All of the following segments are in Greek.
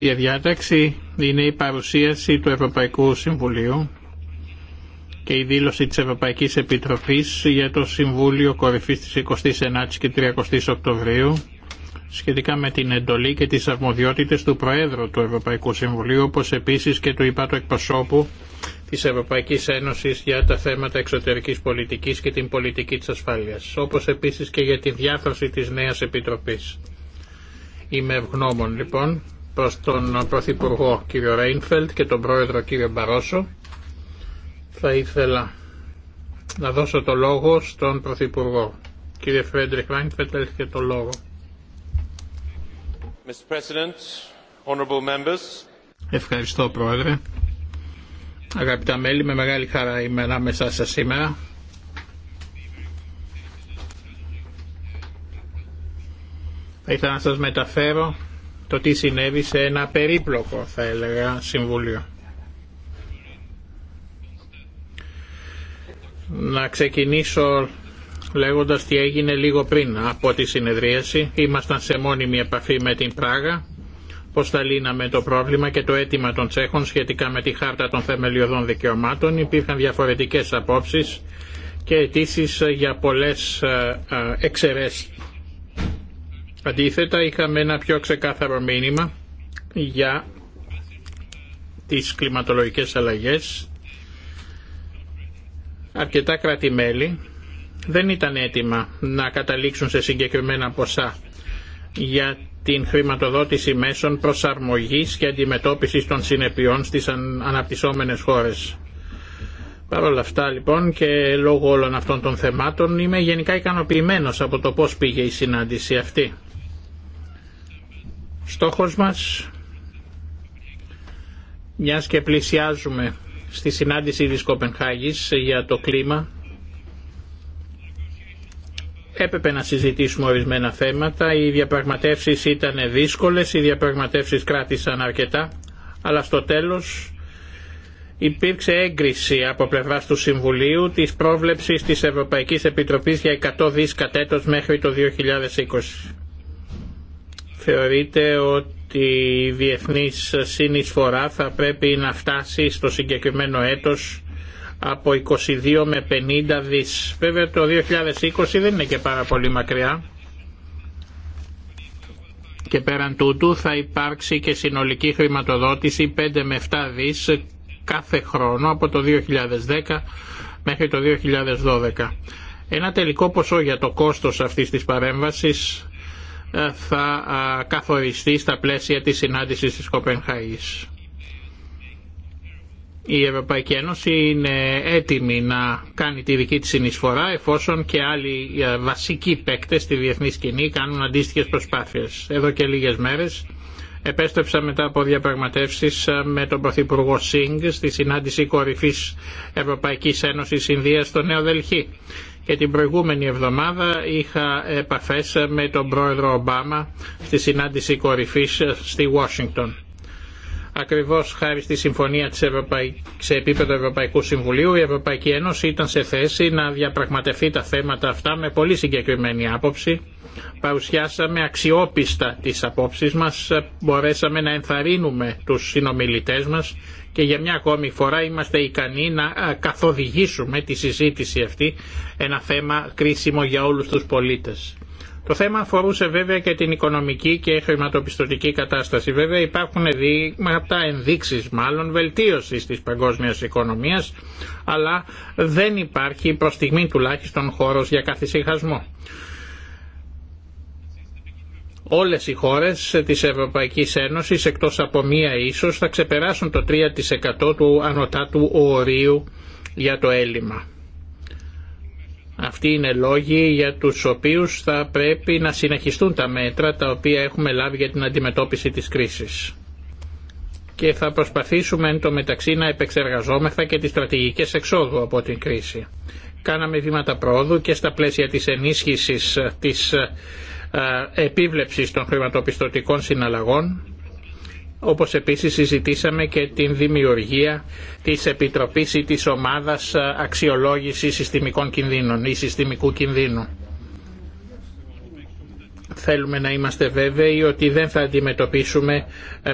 Η διάταξη είναι η παρουσίαση του Ευρωπαϊκού Συμβουλίου και η δήλωση της Ευρωπαϊκής Επιτροπής για το Συμβούλιο Κορυφής της 29ης και 30ης Οκτωβρίου σχετικά με την εντολή και τις αρμοδιότητες του Προέδρου του Ευρωπαϊκού Συμβουλίου όπως επίσης και του υπάτου εκπροσώπου της Ευρωπαϊκής Ένωσης για τα θέματα εξωτερικής πολιτικής και την πολιτική της ασφάλειας όπως επίσης και για τη διάθρωση της νέας Επιτροπής. Είμαι ευγνώμων λοιπόν προς τον Πρωθυπουργό κ. Ρέινφελτ και τον Πρόεδρο κ. Μπαρόσο. Θα ήθελα να δώσω το λόγο στον Πρωθυπουργό. Κύριε Φρέντρικ Ράινφελτ, έρχεται το λόγο. Ευχαριστώ Πρόεδρε. Αγαπητά μέλη, με μεγάλη χαρά είμαι ανάμεσά σας σήμερα. Θα ήθελα να σας μεταφέρω το τι συνέβη σε ένα περίπλοκο θα έλεγα συμβούλιο. Να ξεκινήσω λέγοντας τι έγινε λίγο πριν από τη συνεδρίαση. Ήμασταν σε μόνιμη επαφή με την Πράγα, πώς θα λύναμε το πρόβλημα και το αίτημα των Τσέχων σχετικά με τη χάρτα των θεμελιωδών δικαιωμάτων. Υπήρχαν διαφορετικές απόψεις και αιτήσει για πολλές ε, ε, εξαιρέσεις Αντίθετα είχαμε ένα πιο ξεκάθαρο μήνυμα για τις κλιματολογικές αλλαγές. κρατημέλη δεν ήταν έτοιμα να καταλήξουν σε συγκεκριμένα ποσά για την χρηματοδότηση μέσων προσαρμογής και αντιμετώπισης των συνεπειών στις αναπτυσσόμενες χώρες. Παρ' όλα αυτά λοιπόν και λόγω όλων αυτών των θεμάτων είμαι γενικά ικανοποιημένος από το πώς πήγε η συνάντηση αυτή. Στόχος μας, μιας και πλησιάζουμε στη συνάντηση της Κοπενχάγης για το κλίμα, έπρεπε να συζητήσουμε ορισμένα θέματα. Οι διαπραγματεύσεις ήταν δύσκολες, οι διαπραγματεύσεις κράτησαν αρκετά, αλλά στο τέλος υπήρξε έγκριση από πλευράς του Συμβουλίου της πρόβλεψης της Ευρωπαϊκής Επιτροπής για 100 δις κατέτος μέχρι το 2020 θεωρείτε ότι η διεθνής συνεισφορά θα πρέπει να φτάσει στο συγκεκριμένο έτος από 22 με 50 δις. Βέβαια το 2020 δεν είναι και πάρα πολύ μακριά και πέραν τούτου θα υπάρξει και συνολική χρηματοδότηση 5 με 7 δις κάθε χρόνο από το 2010 μέχρι το 2012. Ένα τελικό ποσό για το κόστος αυτής της παρέμβασης ε, θα καθοριστεί στα πλαίσια της συνάντησης της Κοπενχαΐς. Η Ευρωπαϊκή Ένωση είναι έτοιμη να κάνει τη δική της συνεισφορά εφόσον και άλλοι ε, βασικοί παίκτες στη διεθνή σκηνή κάνουν αντίστοιχες προσπάθειες. Εδώ και λίγες μέρες Επέστρεψα μετά από διαπραγματεύσεις ε, με τον Πρωθυπουργό Σίνγκ στη συνάντηση κορυφής Ευρωπαϊκής Ένωσης Ινδίας στο Νέο Δελχή. Και την προηγούμενη εβδομάδα είχα επαφές ε, με τον πρόεδρο Ομπάμα στη συνάντηση κορυφής ε, στη Ουάσιγκτον. Ακριβώς χάρη στη συμφωνία της σε επίπεδο Ευρωπαϊκού Συμβουλίου η Ευρωπαϊκή Ένωση ήταν σε θέση να διαπραγματευτεί τα θέματα αυτά με πολύ συγκεκριμένη άποψη. Παρουσιάσαμε αξιόπιστα τις απόψεις μας, μπορέσαμε να ενθαρρύνουμε τους συνομιλητές μας και για μια ακόμη φορά είμαστε ικανοί να καθοδηγήσουμε τη συζήτηση αυτή, ένα θέμα κρίσιμο για όλους τους πολίτες. Το θέμα αφορούσε βέβαια και την οικονομική και χρηματοπιστωτική κατάσταση. Βέβαια υπάρχουν δείγματα, ενδείξεις μάλλον, βελτίωσης της παγκόσμιας οικονομίας, αλλά δεν υπάρχει προς στιγμή τουλάχιστον χώρος για καθησυχασμό. Όλες οι χώρες της Ευρωπαϊκής Ένωσης, εκτός από μία ίσως, θα ξεπεράσουν το 3% του ανωτάτου ορίου για το έλλειμμα. Αυτοί είναι λόγοι για τους οποίους θα πρέπει να συνεχιστούν τα μέτρα τα οποία έχουμε λάβει για την αντιμετώπιση της κρίσης. Και θα προσπαθήσουμε εν τω μεταξύ να επεξεργαζόμεθα και τις στρατηγικές εξόδου από την κρίση. Κάναμε βήματα πρόοδου και στα πλαίσια της ενίσχυσης της ε, επίβλεψης των χρηματοπιστωτικών συναλλαγών όπως επίσης συζητήσαμε και την δημιουργία της Επιτροπής ή της Ομάδας Αξιολόγησης Συστημικών Κινδύνων ή Συστημικού Κινδύνου. Θέλουμε να είμαστε βέβαιοι ότι δεν θα αντιμετωπίσουμε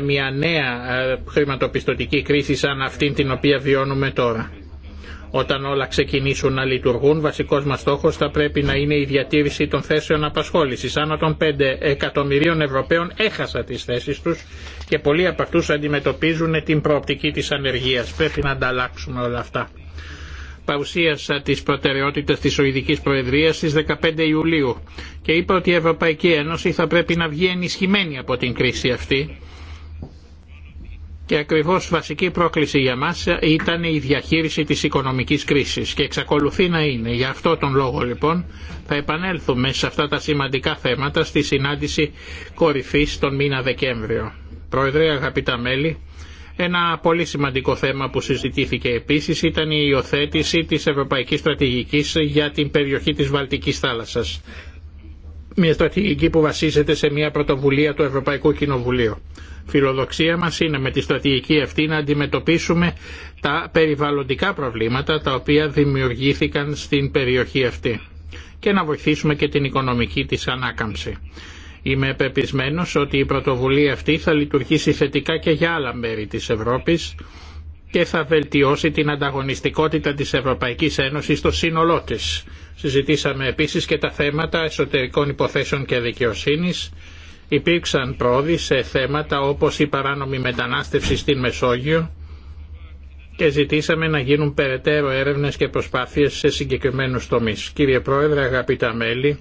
μια νέα χρηματοπιστωτική κρίση σαν αυτήν την οποία βιώνουμε τώρα. Όταν όλα ξεκινήσουν να λειτουργούν, βασικό μα στόχο θα πρέπει να είναι η διατήρηση των θέσεων απασχόληση. Άνω των 5 εκατομμυρίων Ευρωπαίων έχασα τι θέσει του και πολλοί από αυτού αντιμετωπίζουν την προοπτική τη ανεργία. Πρέπει να ανταλλάξουμε όλα αυτά. Παρουσίασα τι προτεραιότητε τη Σουηδικής Προεδρία στι 15 Ιουλίου και είπα ότι η Ευρωπαϊκή Ένωση θα πρέπει να βγει ενισχυμένη από την κρίση αυτή και ακριβώ βασική πρόκληση για μα ήταν η διαχείριση τη οικονομική κρίση και εξακολουθεί να είναι. Γι' αυτό τον λόγο λοιπόν θα επανέλθουμε σε αυτά τα σημαντικά θέματα στη συνάντηση κορυφή τον μήνα Δεκέμβριο. Πρόεδρε, αγαπητά μέλη, ένα πολύ σημαντικό θέμα που συζητήθηκε επίση ήταν η υιοθέτηση τη Ευρωπαϊκή Στρατηγική για την περιοχή της Βαλτική θάλασσας. Μια στρατηγική που βασίζεται σε μια πρωτοβουλία του Ευρωπαϊκού Κοινοβουλίου. Φιλοδοξία μας είναι με τη στρατηγική αυτή να αντιμετωπίσουμε τα περιβαλλοντικά προβλήματα τα οποία δημιουργήθηκαν στην περιοχή αυτή και να βοηθήσουμε και την οικονομική της ανάκαμψη. Είμαι πεπισμένος ότι η πρωτοβουλία αυτή θα λειτουργήσει θετικά και για άλλα μέρη της Ευρώπης και θα βελτιώσει την ανταγωνιστικότητα της Ευρωπαϊκής Ένωσης στο σύνολό της. Συζητήσαμε επίσης και τα θέματα εσωτερικών υποθέσεων και δικαιοσύνης, Υπήρξαν πρόοδοι σε θέματα όπως η παράνομη μετανάστευση στην Μεσόγειο και ζητήσαμε να γίνουν περαιτέρω έρευνες και προσπάθειες σε συγκεκριμένους τομείς. Κύριε Πρόεδρε, αγαπητά μέλη,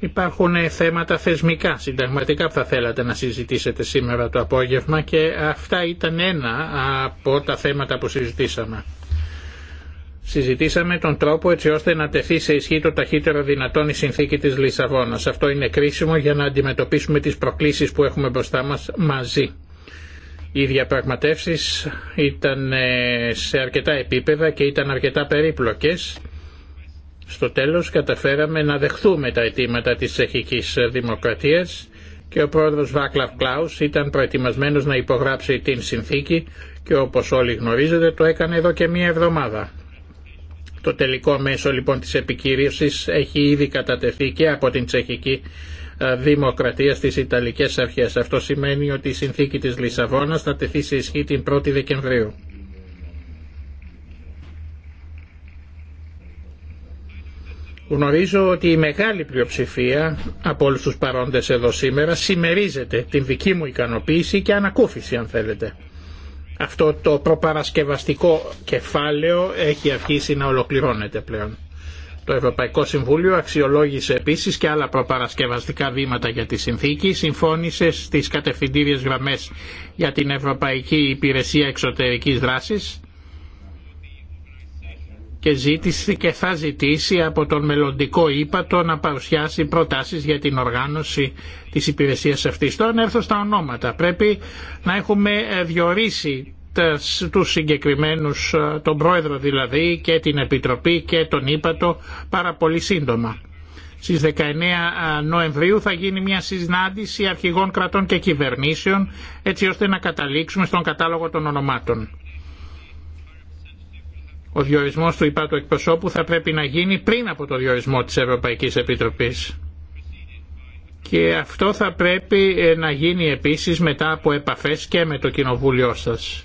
υπάρχουν θέματα θεσμικά, συνταγματικά που θα θέλατε να συζητήσετε σήμερα το απόγευμα και αυτά ήταν ένα από τα θέματα που συζητήσαμε. Συζητήσαμε τον τρόπο έτσι ώστε να τεθεί σε ισχύ το ταχύτερο δυνατόν η συνθήκη της Λισαβόνας. Αυτό είναι κρίσιμο για να αντιμετωπίσουμε τις προκλήσεις που έχουμε μπροστά μας μαζί. Οι διαπραγματεύσεις ήταν ε, σε αρκετά επίπεδα και ήταν αρκετά περίπλοκες. Στο τέλος καταφέραμε να δεχθούμε τα αιτήματα της τσεχικής δημοκρατίας και ο πρόεδρος Βάκλαβ Κλάους ήταν προετοιμασμένος να υπογράψει την συνθήκη και όπως όλοι γνωρίζετε το έκανε εδώ και μία εβδομάδα. Το τελικό μέσο λοιπόν της επικύρωσης έχει ήδη κατατεθεί και από την τσεχική ε, δημοκρατία στις Ιταλικές αρχές. Αυτό σημαίνει ότι η συνθήκη της Λισαβόνας θα τεθεί σε ισχύ την 1η Δεκεμβρίου. Γνωρίζω ότι η μεγάλη πλειοψηφία από όλους τους παρόντες εδώ σήμερα συμμερίζεται την δική μου ικανοποίηση και ανακούφιση αν θέλετε αυτό το προπαρασκευαστικό κεφάλαιο έχει αρχίσει να ολοκληρώνεται πλέον. Το Ευρωπαϊκό Συμβούλιο αξιολόγησε επίσης και άλλα προπαρασκευαστικά βήματα για τη συνθήκη, συμφώνησε στις κατευθυντήριες γραμμές για την Ευρωπαϊκή Υπηρεσία Εξωτερικής Δράσης, και ζήτησε και θα ζητήσει από τον μελλοντικό ύπατο να παρουσιάσει προτάσεις για την οργάνωση της υπηρεσίας αυτής. Τώρα να έρθω στα ονόματα. Πρέπει να έχουμε ε, διορίσει τους συγκεκριμένους, ε, τον πρόεδρο δηλαδή και την Επιτροπή και τον ύπατο πάρα πολύ σύντομα. Στις 19 ε, Νοεμβρίου θα γίνει μια συνάντηση αρχηγών κρατών και κυβερνήσεων έτσι ώστε να καταλήξουμε στον κατάλογο των ονομάτων. Ο διορισμός του υπάτου εκπροσώπου θα πρέπει να γίνει πριν από το διορισμό της Ευρωπαϊκής Επιτροπής. Και αυτό θα πρέπει ε, να γίνει επίσης μετά από επαφές και με το κοινοβούλιο σας.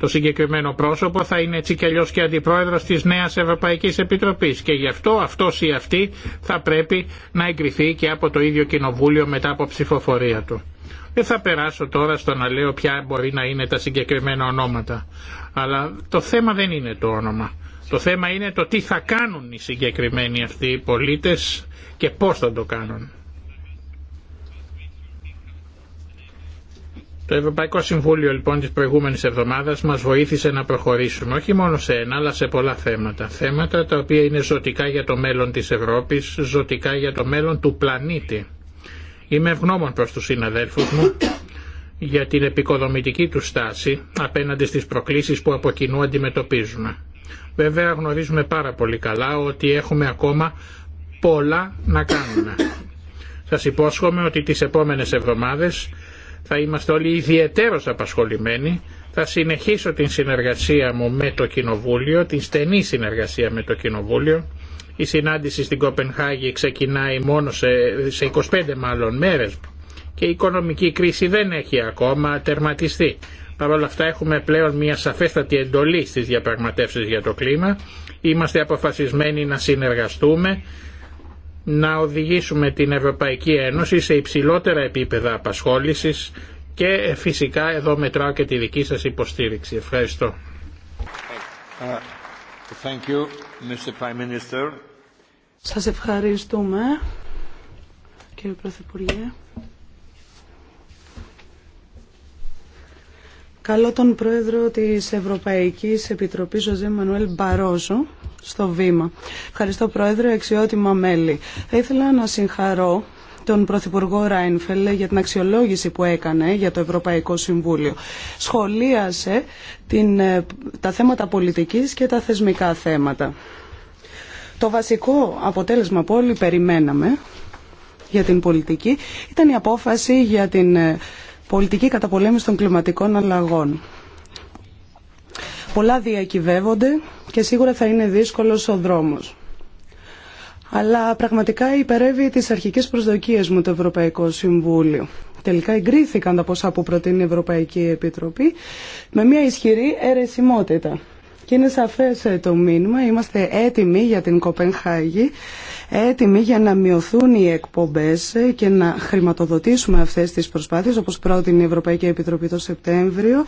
Το συγκεκριμένο πρόσωπο θα είναι έτσι κι αλλιώ και αντιπρόεδρο τη νέα Ευρωπαϊκή Επιτροπή και γι' αυτό αυτό ή αυτή θα πρέπει να εγκριθεί και από το ίδιο κοινοβούλιο μετά από ψηφοφορία του. Δεν θα περάσω τώρα στο να λέω ποια μπορεί να είναι τα συγκεκριμένα ονόματα. Αλλά το θέμα δεν είναι το όνομα. Το θέμα είναι το τι θα κάνουν οι συγκεκριμένοι αυτοί οι πολίτες και πώς θα το κάνουν. Το Ευρωπαϊκό Συμβούλιο λοιπόν της προηγούμενης εβδομάδας μας βοήθησε να προχωρήσουμε όχι μόνο σε ένα αλλά σε πολλά θέματα. Θέματα τα οποία είναι ζωτικά για το μέλλον της Ευρώπης, ζωτικά για το μέλλον του πλανήτη. Είμαι ευγνώμων προς τους συναδέλφους μου για την επικοδομητική του στάση απέναντι στις προκλήσεις που από κοινού αντιμετωπίζουμε. Βέβαια γνωρίζουμε πάρα πολύ καλά ότι έχουμε ακόμα πολλά να κάνουμε. Σας υπόσχομαι ότι τις επόμενες εβδομάδες θα είμαστε όλοι ιδιαιτέρως απασχολημένοι. Θα συνεχίσω την συνεργασία μου με το Κοινοβούλιο, την στενή συνεργασία με το Κοινοβούλιο. Η συνάντηση στην Κοπενχάγη ξεκινάει μόνο σε, σε 25 μάλλον μέρες και η οικονομική κρίση δεν έχει ακόμα τερματιστεί. Παρ' όλα αυτά έχουμε πλέον μια σαφέστατη εντολή στις διαπραγματεύσεις για το κλίμα. Είμαστε αποφασισμένοι να συνεργαστούμε, να οδηγήσουμε την Ευρωπαϊκή Ένωση σε υψηλότερα επίπεδα απασχόλησης και ε, φυσικά εδώ μετράω και τη δική σας υποστήριξη. Ευχαριστώ. Thank you, Mr. Prime Minister. Σας ευχαριστούμε, κύριε Πρωθυπουργέ. Καλώ τον Πρόεδρο της Ευρωπαϊκής Επιτροπής, Ζωζέ Μανουέλ Μπαρόζο, στο βήμα. Ευχαριστώ Πρόεδρε, αξιότιμα μέλη. Θα ήθελα να συγχαρώ τον Πρωθυπουργό Ράινφελ για την αξιολόγηση που έκανε για το Ευρωπαϊκό Συμβούλιο. Σχολίασε την, ε, τα θέματα πολιτικής και τα θεσμικά θέματα. Το βασικό αποτέλεσμα που όλοι περιμέναμε για την πολιτική ήταν η απόφαση για την ε, πολιτική καταπολέμηση των κλιματικών αλλαγών. Πολλά διακυβεύονται και σίγουρα θα είναι δύσκολος ο δρόμος. Αλλά πραγματικά υπερεύει τις αρχικές προσδοκίες μου το Ευρωπαϊκό Συμβούλιο. Τελικά εγκρίθηκαν τα ποσά που προτείνει η Ευρωπαϊκή Επιτροπή με μια ισχυρή αιρεσιμότητα. Και είναι σαφές ε, το μήνυμα, είμαστε έτοιμοι για την Κοπενχάγη έτοιμοι για να μειωθούν οι εκπομπές και να χρηματοδοτήσουμε αυτές τις προσπάθειες όπως πρότεινε η Ευρωπαϊκή Επιτροπή το Σεπτέμβριο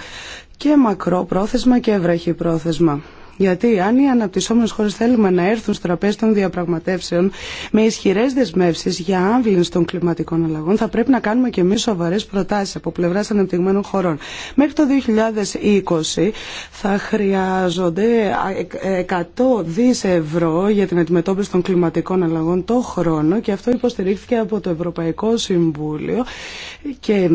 και μακρό πρόθεσμα και ευραχή πρόθεσμα. Γιατί αν οι αναπτυσσόμενε χώρε θέλουμε να έρθουν στο των διαπραγματεύσεων με ισχυρέ δεσμεύσει για άμβλυνση των κλιματικών αλλαγών, θα πρέπει να κάνουμε και εμεί σοβαρέ προτάσει από πλευρά ανεπτυγμένων χωρών. Μέχρι το 2020 θα χρειάζονται 100 δι ευρώ για την αντιμετώπιση των κλιματικών αλλαγών το χρόνο και αυτό υποστηρίχθηκε από το Ευρωπαϊκό Συμβούλιο και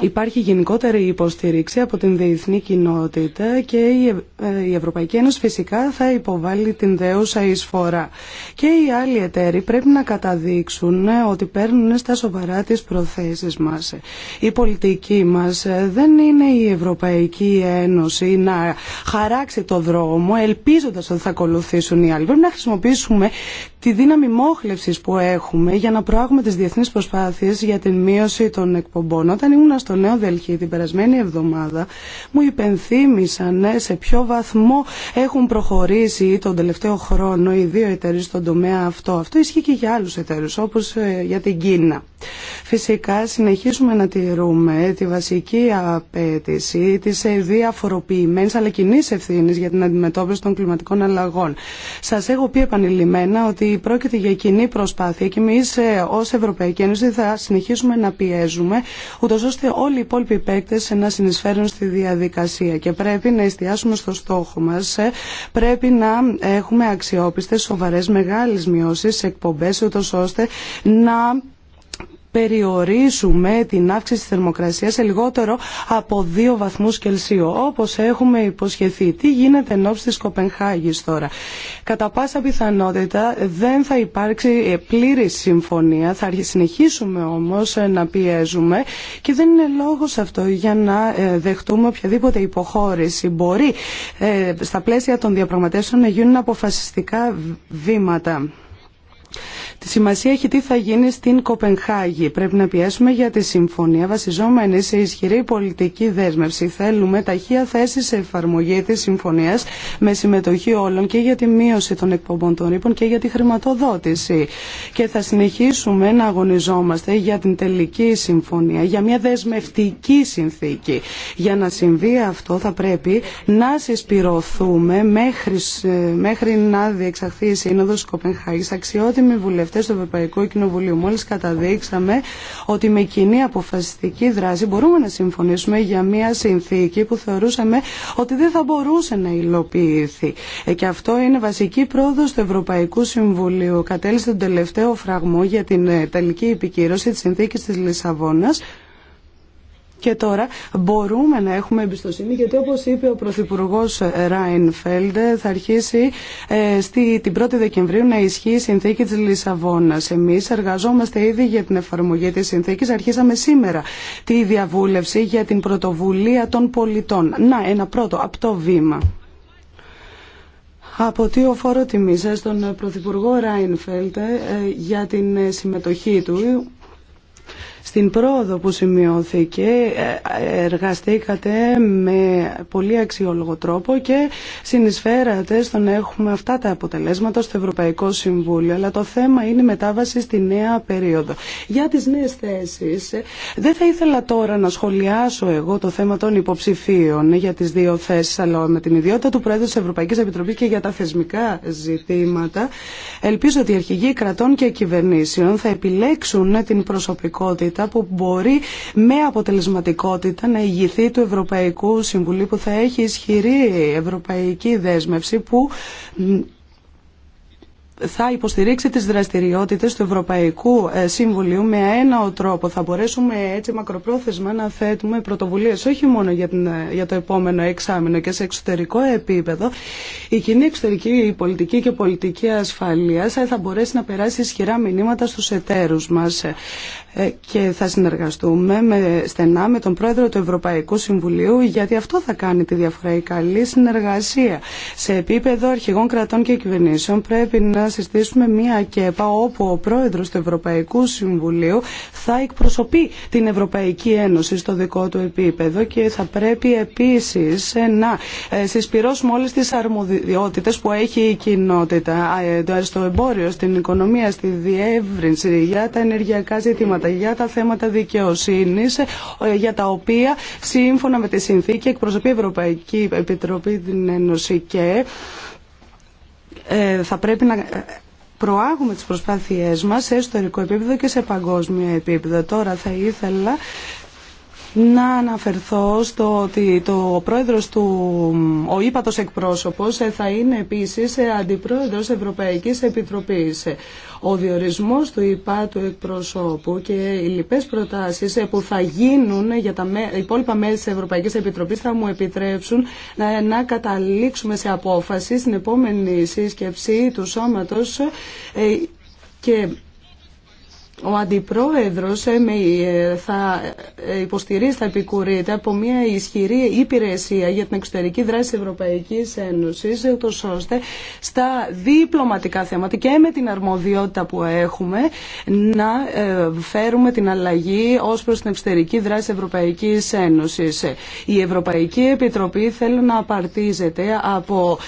Υπάρχει γενικότερη υποστήριξη από την διεθνή κοινότητα και ε, η Ευρωπαϊκή Ένωση φυσικά θα υποβάλει την δέουσα εισφορά. Και οι άλλοι εταίροι πρέπει να καταδείξουν ε, ότι παίρνουν στα σοβαρά τις προθέσεις μας. Η πολιτική μας ε, δεν είναι η Ευρωπαϊκή Ένωση να χαράξει το δρόμο ελπίζοντας ότι θα ακολουθήσουν οι άλλοι. Πρέπει να χρησιμοποιήσουμε τη δύναμη μόχλευσης που έχουμε για να προάγουμε τις διεθνείς προσπάθειες για την μείωση των εκπομπών. Όταν στο Νέο Δελχή την περασμένη εβδομάδα μου υπενθύμησαν ναι, σε ποιο βαθμό έχουν προχωρήσει τον τελευταίο χρόνο οι δύο εταιρείε στον τομέα αυτό. Αυτό ισχύει και για άλλους εταιρείε, όπως ε, για την Κίνα. Φυσικά συνεχίζουμε να τηρούμε τη βασική απέτηση τη ε, διαφοροποιημένη, αλλά κοινή ευθύνη για την αντιμετώπιση των κλιματικών αλλαγών. Σας έχω πει επανειλημμένα ότι πρόκειται για κοινή προσπάθεια και εμεί ε, ω Ευρωπαϊκή Ένωση θα συνεχίσουμε να πιέζουμε ούτω ώστε όλοι οι υπόλοιποι παίκτε να συνεισφέρουν στη διαδικασία και πρέπει να εστιάσουμε στο στόχο μας. Ε, πρέπει να έχουμε αξιόπιστες, μεγάλε μεγάλες μειώσεις, εκπομπέ, ούτως ώστε να περιορίσουμε την αύξηση της θερμοκρασίας σε λιγότερο από 2 βαθμούς Κελσίου, όπως έχουμε υποσχεθεί. Τι γίνεται εν ώψη της Κοπενχάγης τώρα. Κατά πάσα πιθανότητα δεν θα υπάρξει πλήρη συμφωνία, θα συνεχίσουμε όμως να πιέζουμε και δεν είναι λόγος αυτό για να ε, δεχτούμε οποιαδήποτε υποχώρηση. Μπορεί ε, στα πλαίσια των διαπραγματεύσεων να γίνουν αποφασιστικά βήματα. Τη σημασία έχει τι θα γίνει στην Κοπενχάγη. Πρέπει να πιέσουμε για τη συμφωνία βασιζόμενη σε ισχυρή πολιτική δέσμευση. Θέλουμε ταχεία θέση σε εφαρμογή τη συμφωνία με συμμετοχή όλων και για τη μείωση των εκπομπών των ρήπων και για τη χρηματοδότηση. Και θα συνεχίσουμε να αγωνιζόμαστε για την τελική συμφωνία, για μια δεσμευτική συνθήκη. Για να συμβεί αυτό θα πρέπει να συσπηρωθούμε μέχρι, μέχρι να διεξαχθεί η Σύνοδο Κοπενχάγη αξιότιμη βουλευτή Ευρωβουλευτέ του Ευρωπαϊκού Κοινοβουλίου. Μόλι καταδείξαμε ότι με κοινή αποφασιστική δράση μπορούμε να συμφωνήσουμε για μια συνθήκη που θεωρούσαμε ότι δεν θα μπορούσε να υλοποιηθεί. Ε, και αυτό είναι βασική πρόοδο του Ευρωπαϊκού Συμβουλίου. Κατέληξε τον τελευταίο φραγμό για την ε, τελική επικύρωση τη συνθήκη τη Λισαβόνα. Και τώρα μπορούμε να έχουμε εμπιστοσύνη γιατί όπως είπε ο Πρωθυπουργό ε, Ράινφελντ θα αρχίσει ε, στη, την 1η Δεκεμβρίου να ισχύει η συνθήκη της Λισαβόνας. Εμείς εργαζόμαστε ήδη για την εφαρμογή της συνθήκης. Αρχίσαμε σήμερα τη διαβούλευση για την πρωτοβουλία των πολιτών. Να, ένα πρώτο απτό βήμα. Από τι οφόρο τιμή στον Πρωθυπουργό Ράινφελτ ε, για την συμμετοχή του στην πρόοδο που σημειώθηκε. Ε, εργαστήκατε με πολύ αξιόλογο τρόπο και συνεισφέρατε στο να έχουμε αυτά τα αποτελέσματα στο Ευρωπαϊκό Συμβούλιο. Αλλά το θέμα είναι η μετάβαση στη νέα περίοδο. Για τις νέες θέσεις, ε, δεν θα ήθελα τώρα να σχολιάσω εγώ το θέμα των υποψηφίων για τις δύο θέσεις, αλλά με την ιδιότητα του Πρόεδρου της Ευρωπαϊκής Επιτροπής και για τα θεσμικά ζητήματα, ελπίζω ότι οι αρχηγοί κρατών και κυβερνήσεων θα επιλέξουν την προσωπικότητα που μπορεί με αποτελεσματικότητα να ηγηθεί του Ευρωπαϊκού Συμβουλίου που θα έχει ισχυρή ευρωπαϊκή δέσμευση που θα υποστηρίξει τις δραστηριότητες του Ευρωπαϊκού ε, Συμβουλίου με ένα τρόπο. Θα μπορέσουμε έτσι μακροπρόθεσμα να θέτουμε πρωτοβουλίες όχι μόνο ε, για, το επόμενο εξάμεινο και σε εξωτερικό επίπεδο. Η κοινή εξωτερική πολιτική και πολιτική ασφαλείας ε, θα μπορέσει να περάσει ισχυρά μηνύματα στους εταίρους μας. Ε, και θα συνεργαστούμε με, στενά με τον πρόεδρο του Ευρωπαϊκού Συμβουλίου γιατί αυτό θα κάνει τη διαφορά η καλή συνεργασία. Σε επίπεδο αρχηγών κρατών και κυβερνήσεων πρέπει να συστήσουμε μια ΚΕΠΑ όπου ο πρόεδρος του Ευρωπαϊκού Συμβουλίου θα εκπροσωπεί την Ευρωπαϊκή Ένωση στο δικό του επίπεδο και θα πρέπει επίσης ε, να ε, συσπυρώσουμε όλες τις αρμοδιότητες που έχει η κοινότητα στο εμπόριο, στην οικονομία, στη διεύρυνση, για τα ενεργειακά ζητήματα για τα θέματα δικαιοσύνη, ε, για τα οποία σύμφωνα με τη συνθήκη εκπροσωπεί η Ευρωπαϊκή Επιτροπή την Ένωση ε, θα πρέπει να ε, προάγουμε τις προσπάθειές μας σε ιστορικό επίπεδο και σε παγκόσμιο επίπεδο. Τώρα θα ήθελα να αναφερθώ στο ότι το πρόεδρος του, ο ύπατος εκπρόσωπος ε, θα είναι επίσης ε, αντιπρόεδρος Ευρωπαϊκής Επιτροπής. Ο διορισμός του υπάτου εκπροσώπου και οι λοιπές προτάσεις ε, που θα γίνουν για τα υπόλοιπα μέλη της Ευρωπαϊκής Επιτροπής θα μου επιτρέψουν να καταλήξουμε σε απόφαση στην επόμενη σύσκεψη του σώματος και ο αντιπρόεδρος ε, ε, θα ε, υποστηρίζει, θα επικουρείται από μια ισχυρή υπηρεσία για την εξωτερική δράση της Ευρωπαϊκής Ένωσης, ώστε στα διπλωματικά θέματα και με την αρμοδιότητα που έχουμε να φέρουμε την αλλαγή ως προς την εξωτερική δράση της Ευρωπαϊκής Ένωσης. Η Ευρωπαϊκή Επιτροπή θέλει να απαρτίζεται από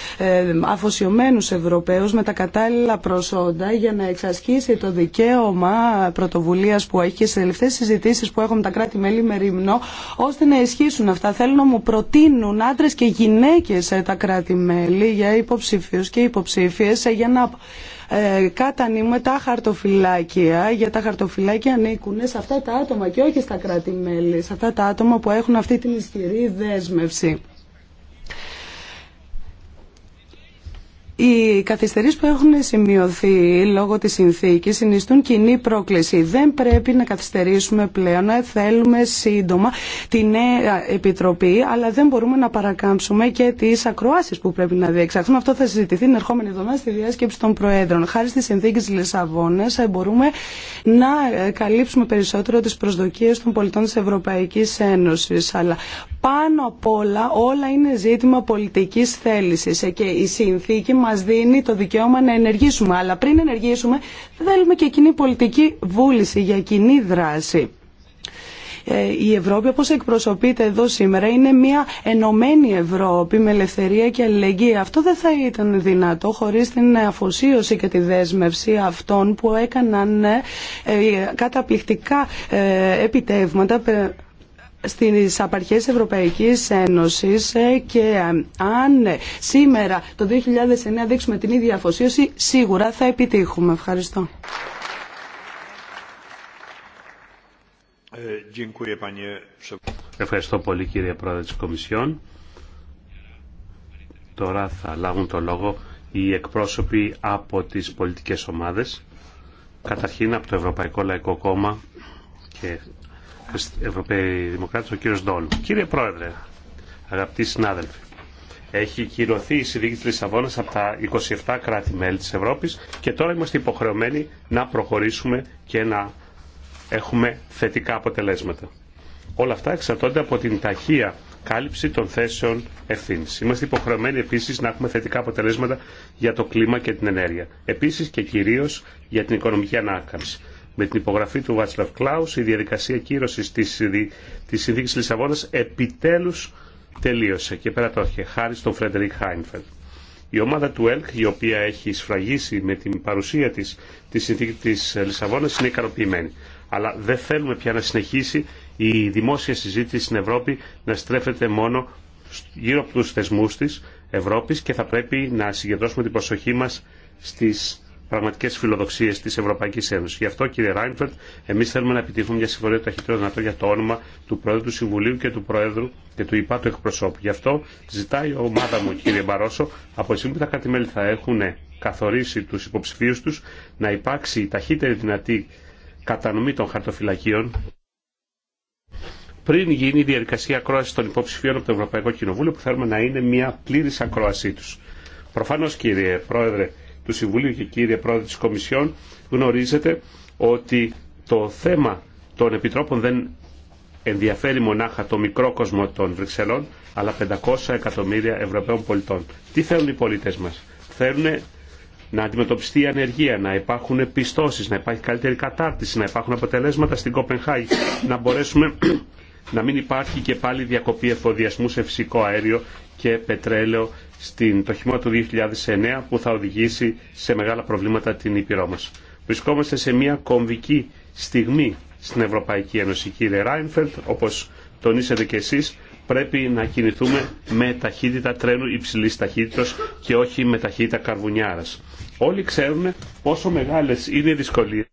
αφοσιωμένους Ευρωπαίους με τα κατάλληλα προσόντα για να εξασκήσει το δικαίωμα πρωτοβουλία που έχει και στι τελευταίε συζητήσει που έχω με τα κράτη-μέλη με ρημνό, ώστε να ισχύσουν αυτά. Θέλω να μου προτείνουν άντρε και γυναίκε ε, τα κράτη-μέλη για υποψηφίου και υποψήφιε ε, για να ε, τα χαρτοφυλάκια, για τα χαρτοφυλάκια ανήκουν σε αυτά τα άτομα και όχι στα κράτη-μέλη, σε αυτά τα άτομα που έχουν αυτή την ισχυρή δέσμευση. Οι καθυστερήσεις που έχουν σημειωθεί λόγω της συνθήκης συνιστούν κοινή πρόκληση. Δεν πρέπει να καθυστερήσουμε πλέον, θέλουμε σύντομα την νέα επιτροπή, αλλά δεν μπορούμε να παρακάμψουμε και τις ακροάσεις που πρέπει να διεξαχθούν. Αυτό θα συζητηθεί την ερχόμενη εβδομάδα στη διάσκεψη των Προέδρων. Χάρη συνθήκη συνθήκες Λισαβόνας μπορούμε να καλύψουμε περισσότερο τις προσδοκίες των πολιτών της Ευρωπαϊκής Ένωσης. Αλλά πάνω απ' όλα, όλα είναι ζήτημα πολιτικής θέλησης και η συνθήκη Μα δίνει το δικαίωμα να ενεργήσουμε. Αλλά πριν ενεργήσουμε θέλουμε και κοινή πολιτική βούληση για κοινή δράση ε, η Ευρώπη όπως εκπροσωπείται εδώ σήμερα είναι μια ενωμένη Ευρώπη με ελευθερία και αλληλεγγύη. Αυτό δεν θα ήταν δυνατό χωρίς την αφοσίωση και τη δέσμευση αυτών που έκαναν ε, ε, καταπληκτικά επιτεύγματα στις απαρχές Ευρωπαϊκής Ένωσης ε, και ε, αν σήμερα το 2009 δείξουμε την ίδια αφοσίωση σίγουρα θα επιτύχουμε. Ευχαριστώ. Ευχαριστώ πολύ κύριε Πρόεδρε της Κομισιόν. Τώρα θα λάβουν το λόγο οι εκπρόσωποι από τις πολιτικές ομάδες. Καταρχήν από το Ευρωπαϊκό Λαϊκό Κόμμα και Ευρωπαίοι ο κύριος Ντόλ. Κύριε Πρόεδρε, αγαπητοί συνάδελφοι, έχει κυρωθεί η συνδίκη της Λισαβόνας από τα 27 κράτη-μέλη της Ευρώπης και τώρα είμαστε υποχρεωμένοι να προχωρήσουμε και να έχουμε θετικά αποτελέσματα. Όλα αυτά εξαρτώνται από την ταχεία κάλυψη των θέσεων ευθύνη. Είμαστε υποχρεωμένοι επίση να έχουμε θετικά αποτελέσματα για το κλίμα και την ενέργεια. Επίση και κυρίω για την οικονομική ανάκαμψη. Με την υπογραφή του Βάτσλαβ Κλάου, η διαδικασία κύρωση τη συνθήκη συνθήκης Λισαβόνας επιτέλους τελείωσε και πέρα το είχε χάρη στον Φρέντερικ Χάινφελ. Η ομάδα του ΕΛΚ, η οποία έχει σφραγίσει με την παρουσία της τη συνθήκη τη Λισαβόνα, είναι ικανοποιημένη. Αλλά δεν θέλουμε πια να συνεχίσει η δημόσια συζήτηση στην Ευρώπη να στρέφεται μόνο γύρω από του θεσμού τη Ευρώπη και θα πρέπει να συγκεντρώσουμε την προσοχή μα στις πραγματικέ φιλοδοξίε τη Ευρωπαϊκή Ένωση. Γι' αυτό, κύριε Ράινφερντ, εμεί θέλουμε να επιτύχουμε μια συμφωνία το ταχύτερο δυνατό για το όνομα του Προέδρου του Συμβουλίου και του Προέδρου και του ΙΠΑ του εκπροσώπου. Γι' αυτό ζητάει η ομάδα μου, κύριε Μπαρόσο, από εσύ που τα κράτη-μέλη θα έχουν καθορίσει του υποψηφίου του, να υπάρξει η ταχύτερη δυνατή κατανομή των χαρτοφυλακίων πριν γίνει η διαδικασία ακρόαση των υποψηφίων από το Ευρωπαϊκό Κοινοβούλιο, που θέλουμε να είναι μια πλήρη ακρόασή του. Προφανώ, κύριε Πρόεδρε, του Συμβουλίου και κύριε Πρόεδρε της Κομισιόν γνωρίζετε ότι το θέμα των επιτρόπων δεν ενδιαφέρει μονάχα το μικρό κόσμο των Βρυξελών αλλά 500 εκατομμύρια Ευρωπαίων πολιτών. Τι θέλουν οι πολίτες μας. Θέλουν να αντιμετωπιστεί η ανεργία, να υπάρχουν πιστώσεις, να υπάρχει καλύτερη κατάρτιση, να υπάρχουν αποτελέσματα στην Κοπενχάγη, να μπορέσουμε να μην υπάρχει και πάλι διακοπή εφοδιασμού σε φυσικό αέριο και πετρέλαιο στην, το χειμώνα του 2009 που θα οδηγήσει σε μεγάλα προβλήματα την Ήπειρό μας. Βρισκόμαστε σε μια κομβική στιγμή στην Ευρωπαϊκή Ένωση. Κύριε Ράινφελτ, όπως τονίσατε και εσείς, πρέπει να κινηθούμε με ταχύτητα τρένου υψηλή ταχύτητα και όχι με ταχύτητα καρβουνιάρα. Όλοι ξέρουν πόσο μεγάλε είναι οι δυσκολίε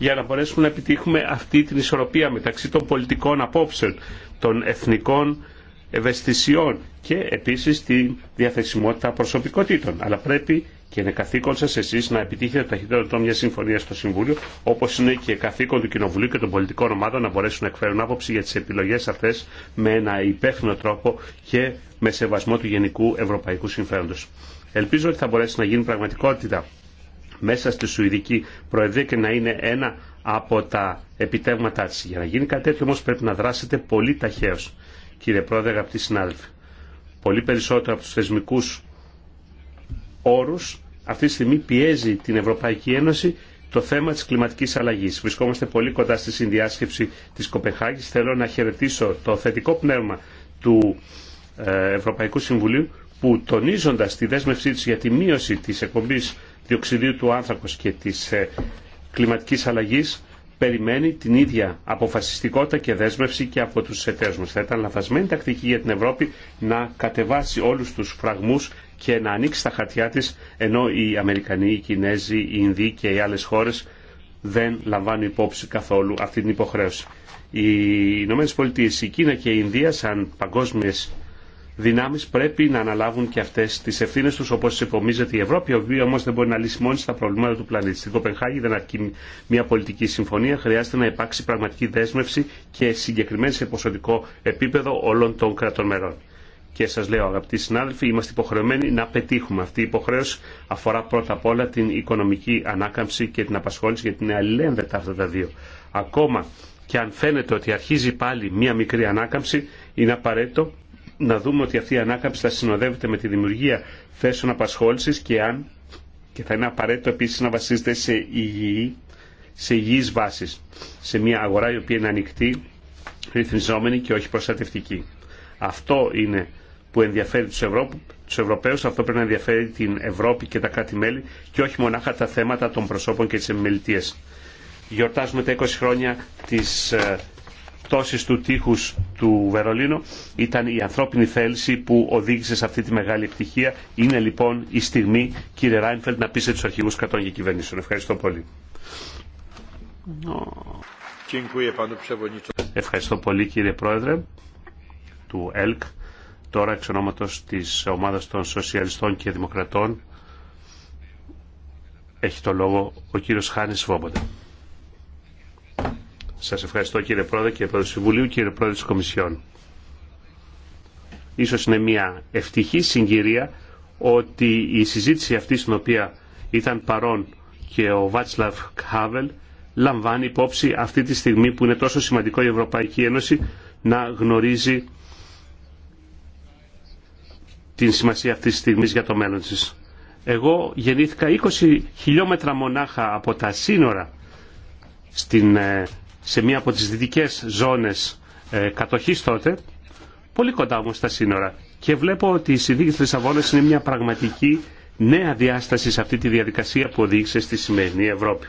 για να μπορέσουμε να επιτύχουμε αυτή την ισορροπία μεταξύ των πολιτικών απόψεων, των εθνικών ευαισθησιών και επίσης τη διαθεσιμότητα προσωπικότητων. Αλλά πρέπει και είναι καθήκον σα εσείς να επιτύχετε το ταχύτερο μια συμφωνία στο Συμβούλιο, όπως είναι και καθήκον του Κοινοβουλίου και των πολιτικών ομάδων να μπορέσουν να εκφέρουν άποψη για τις επιλογές αυτές με ένα υπεύθυνο τρόπο και με σεβασμό του γενικού ευρωπαϊκού συμφέροντος. Ελπίζω ότι θα μπορέσει να γίνει πραγματικότητα μέσα στη Σουηδική Προεδρία και να είναι ένα από τα επιτεύγματά τη. Για να γίνει κάτι τέτοιο όμω πρέπει να δράσετε πολύ ταχαίω κύριε Πρόεδρε, αγαπητοί συνάδελφοι. Πολύ περισσότερο από τους θεσμικούς όρους αυτή τη στιγμή πιέζει την Ευρωπαϊκή Ένωση το θέμα της κλιματικής αλλαγής. Βρισκόμαστε πολύ κοντά στη συνδιάσκεψη της Κοπεχάγης. Θέλω να χαιρετήσω το θετικό πνεύμα του ε, Ευρωπαϊκού Συμβουλίου που τονίζοντας τη δέσμευσή της για τη μείωση της εκπομπής διοξιδίου του άνθρακος και της ε, κλιματικής αλλαγής περιμένει την ίδια αποφασιστικότητα και δέσμευση και από τους εταίρους μας. Θα ήταν λαθασμένη τακτική για την Ευρώπη να κατεβάσει όλους τους φραγμούς και να ανοίξει τα χαρτιά της, ενώ οι Αμερικανοί, οι Κινέζοι, οι Ινδοί και οι άλλες χώρες δεν λαμβάνουν υπόψη καθόλου αυτή την υποχρέωση. Οι Ηνωμένε Πολιτείε, η Κίνα και η Ινδία σαν παγκόσμιες δυνάμεις πρέπει να αναλάβουν και αυτές τις ευθύνες τους όπως τις υπομίζεται η Ευρώπη, η οποία όμως δεν μπορεί να λύσει μόνη στα προβλήματα του πλανήτη. Στην Κοπενχάγη δεν αρκεί μια πολιτική συμφωνία, χρειάζεται να υπάρξει πραγματική δέσμευση και συγκεκριμένη σε ποσοτικό επίπεδο όλων των κρατών μερών. Και σας λέω αγαπητοί συνάδελφοι, είμαστε υποχρεωμένοι να πετύχουμε. Αυτή η υποχρέωση αφορά πρώτα απ' όλα την οικονομική ανάκαμψη και την απασχόληση γιατί είναι αλληλένδετα αυτά τα δύο. Ακόμα και αν φαίνεται ότι αρχίζει πάλι μια μικρή ανάκαμψη, είναι απαραίτητο να δούμε ότι αυτή η ανάκαμψη θα συνοδεύεται με τη δημιουργία θέσεων απασχόληση και αν και θα είναι απαραίτητο επίση να βασίζεται σε υγιή, σε υγιείς βάσεις, σε μια αγορά η οποία είναι ανοιχτή, ρυθμιζόμενη και όχι προστατευτική. Αυτό είναι που ενδιαφέρει τους, Ευρώ, τους Ευρωπαίους, αυτό πρέπει να ενδιαφέρει την Ευρώπη και τα κράτη-μέλη και όχι μονάχα τα θέματα των προσώπων και της εμμελητίας. Γιορτάζουμε τα 20 χρόνια της ε, πτώσης του τείχους του Βερολίνου ήταν η ανθρώπινη θέληση που οδήγησε σε αυτή τη μεγάλη επιτυχία. Είναι λοιπόν η στιγμή, κύριε Ράινφελτ, να πείσετε τους αρχηγούς κρατών και κυβερνήσεων. Ευχαριστώ πολύ. Ευχαριστώ πολύ κύριε Πρόεδρε του ΕΛΚ, τώρα εξ ονόματος της ομάδας των Σοσιαλιστών και Δημοκρατών. Έχει το λόγο ο κύριος Χάνης Βόμποντα. Σας ευχαριστώ κύριε Πρόεδρε, κύριε Πρόεδρε του Συμβουλίου, κύριε Πρόεδρε της Κομισιόν. Ίσως είναι μια ευτυχή συγκυρία ότι η συζήτηση αυτή στην οποία ήταν παρόν και ο Βάτσλαβ Χάβελ λαμβάνει υπόψη αυτή τη στιγμή που είναι τόσο σημαντικό η Ευρωπαϊκή Ένωση να γνωρίζει την σημασία αυτής της στιγμής για το μέλλον της. Εγώ γεννήθηκα 20 χιλιόμετρα μονάχα από τα σύνορα στην ε, σε μία από τις δυτικές ζώνες ε, κατοχής τότε, πολύ κοντά όμως στα σύνορα. Και βλέπω ότι η συνδίκη της Λισαβόνας είναι μια πραγματική νέα διάσταση σε αυτή τη διαδικασία που οδήγησε στη σημερινή Ευρώπη.